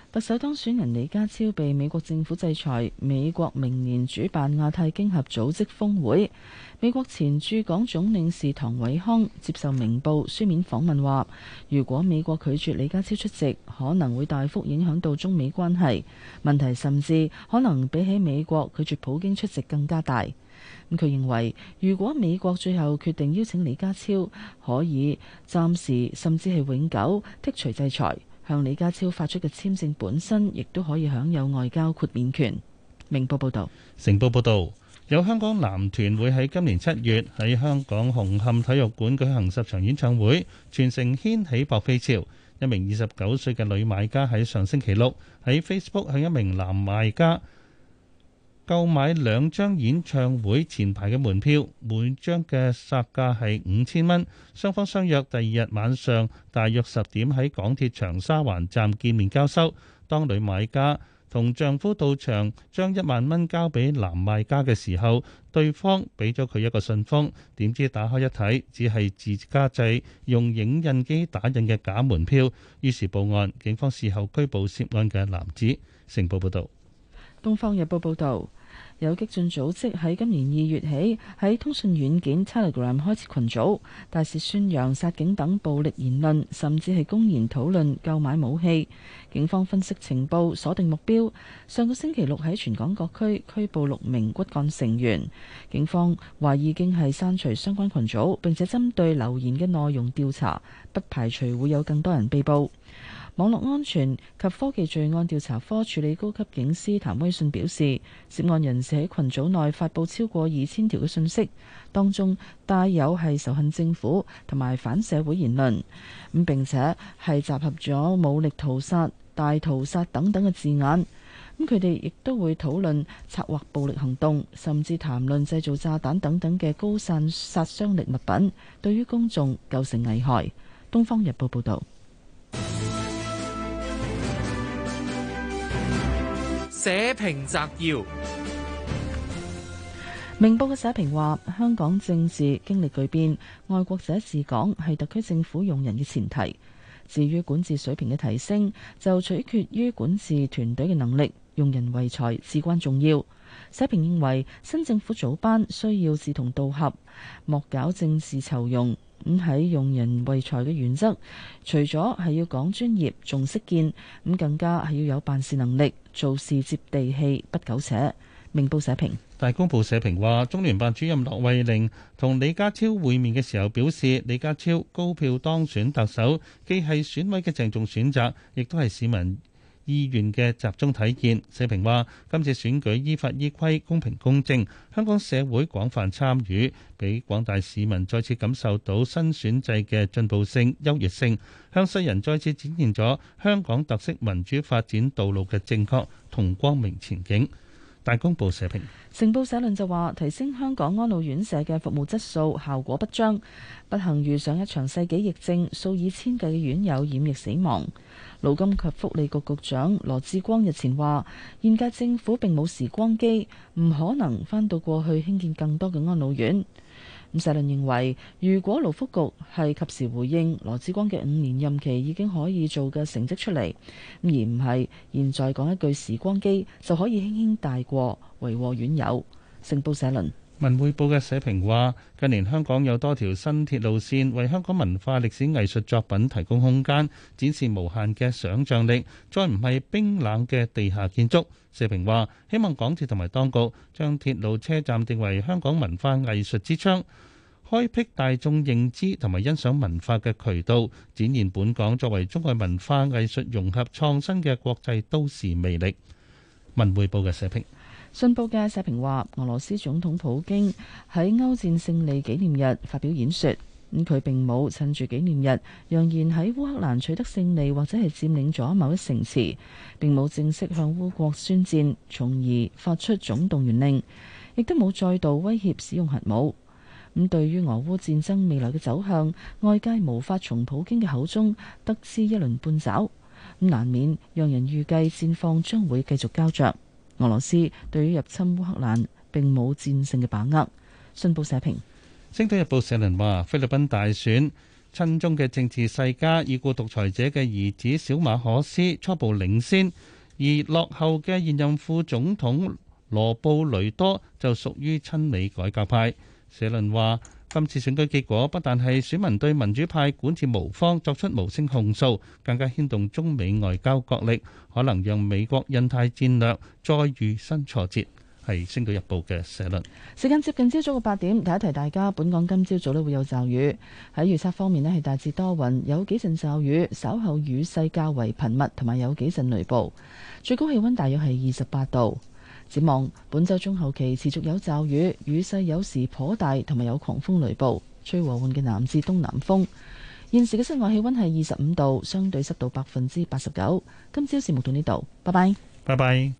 特首當選人李家超被美國政府制裁，美國明年主辦亞太經合組織峰會。美國前駐港總領事唐偉康接受明報書面訪問話：如果美國拒絕李家超出席，可能會大幅影響到中美關係，問題甚至可能比起美國拒絕普京出席更加大。佢認為，如果美國最後決定邀請李家超，可以暫時甚至係永久剔除制裁。向李家超發出嘅簽證本身，亦都可以享有外交豁免權。明報報導，成報報導，有香港男團會喺今年七月喺香港紅磡體育館舉行十場演唱會，全城掀起撲飛潮。一名二十九歲嘅女買家喺上星期六喺 Facebook 向一名男賣家，購買兩張演唱會前排嘅門票，每張嘅索價係五千蚊。雙方相約第二日晚上大約十點喺港鐵長沙灣站見面交收。當女買家同丈夫到場將一萬蚊交俾男賣家嘅時候，對方俾咗佢一個信封，點知打開一睇，只係自家製用影印機打印嘅假門票。於是報案，警方事後拘捕涉案嘅男子。《成報》報道：《東方日報》報道。有激進組織喺今年二月起喺通訊軟件 Telegram 開設群組，大肆宣揚殺警等暴力言論，甚至係公然討論購買武器。警方分析情報鎖定目標，上個星期六喺全港各區拘捕六名骨幹成員。警方懷疑已經係刪除相關群組，並且針對留言嘅內容調查，不排除會有更多人被捕。網絡安全及科技罪案調查科處理高級警司譚威信表示，涉案人士喺群組內發布超過二千條嘅訊息，當中帶有係仇恨政府同埋反社會言論，咁並且係集合咗武力屠殺、大屠殺等等嘅字眼，咁佢哋亦都會討論策劃暴力行動，甚至談論製造炸彈等等嘅高散殺傷力物品，對於公眾構成危害。《東方日報》報道。社評摘要，明報嘅社評話：香港政治經歷巨變，愛國者治港係特區政府用人嘅前提。至於管治水平嘅提升，就取決於管治團隊嘅能力，用人為才，至關重要。社評認為新政府組班需要志同道合，莫搞政治酬庸，咁喺用人為才嘅原則，除咗係要講專業、重識見，咁更加係要有辦事能力、做事接地氣、不苟且。明報社評大公報社評話，中聯辦主任駱惠寧同李家超會面嘅時候表示，李家超高票當選特首，既係選委嘅鄭重選擇，亦都係市民。議院嘅集中體現，社評話：今次選舉依法依規、公平公正，香港社會廣泛參與，俾廣大市民再次感受到新選制嘅進步性、優越性，向世人再次展現咗香港特色民主發展道路嘅正確同光明前景。大公報社評，成報社論就話：提升香港安老院舍嘅服務質素效果不彰，不幸遇上一場世紀疫症，數以千計嘅院友染疫死亡。勞金及福利局局局長羅致光日前話：現屆政府並冇時光機，唔可能翻到過去興建更多嘅安老院。咁社論認為，如果勞福局係及時回應羅致光嘅五年任期已經可以做嘅成績出嚟，而唔係現在講一句時光機就可以輕輕帶過為禍院友。成報社論。文匯報嘅社評話：近年香港有多條新鐵路線，為香港文化、歷史、藝術作品提供空間，展示無限嘅想象力，再唔係冰冷嘅地下建築。社評話：希望港鐵同埋當局將鐵路車站定為香港文化藝術之窗，開闢大眾認知同埋欣賞文化嘅渠道，展現本港作為中外文化藝術融合創新嘅國際都市魅力。文匯報嘅社評。信報嘅社評話：俄羅斯總統普京喺歐戰勝利紀念日發表演說，咁佢並冇趁住紀念日揚言喺烏克蘭取得勝利或者係佔領咗某一城池，並冇正式向烏國宣戰，從而發出總動員令，亦都冇再度威脅使用核武。咁對於俄烏戰爭未來嘅走向，外界無法從普京嘅口中得知一鱗半爪，咁難免讓人預計戰況將會繼續膠着。俄羅斯對於入侵烏克蘭並冇戰勝嘅把握。信報社評，《星島日報》社論話：菲律賓大選親中嘅政治世家已故獨裁者嘅兒子小馬可斯初步領先，而落後嘅現任副總統羅布雷多就屬於親美改革派。社論話。今次選舉結果不但係選民對民主派管治無方作出無聲控訴，更加牽動中美外交角力，可能讓美國印太戰略再遇新挫折。係《星島日報》嘅社論。時間接近朝早嘅八點，提一提大家，本港今朝早咧會有驟雨，喺預測方面咧係大致多雲，有幾陣驟雨，稍後雨勢較為頻密，同埋有幾陣雷暴，最高氣温大約係二十八度。展望本周中後期持續有驟雨，雨勢有時頗大，同埋有，有狂風雷暴，吹和緩嘅南至東南風。現時嘅室外氣溫係二十五度，相對濕度百分之八十九。今朝節目到呢度，拜拜，拜拜。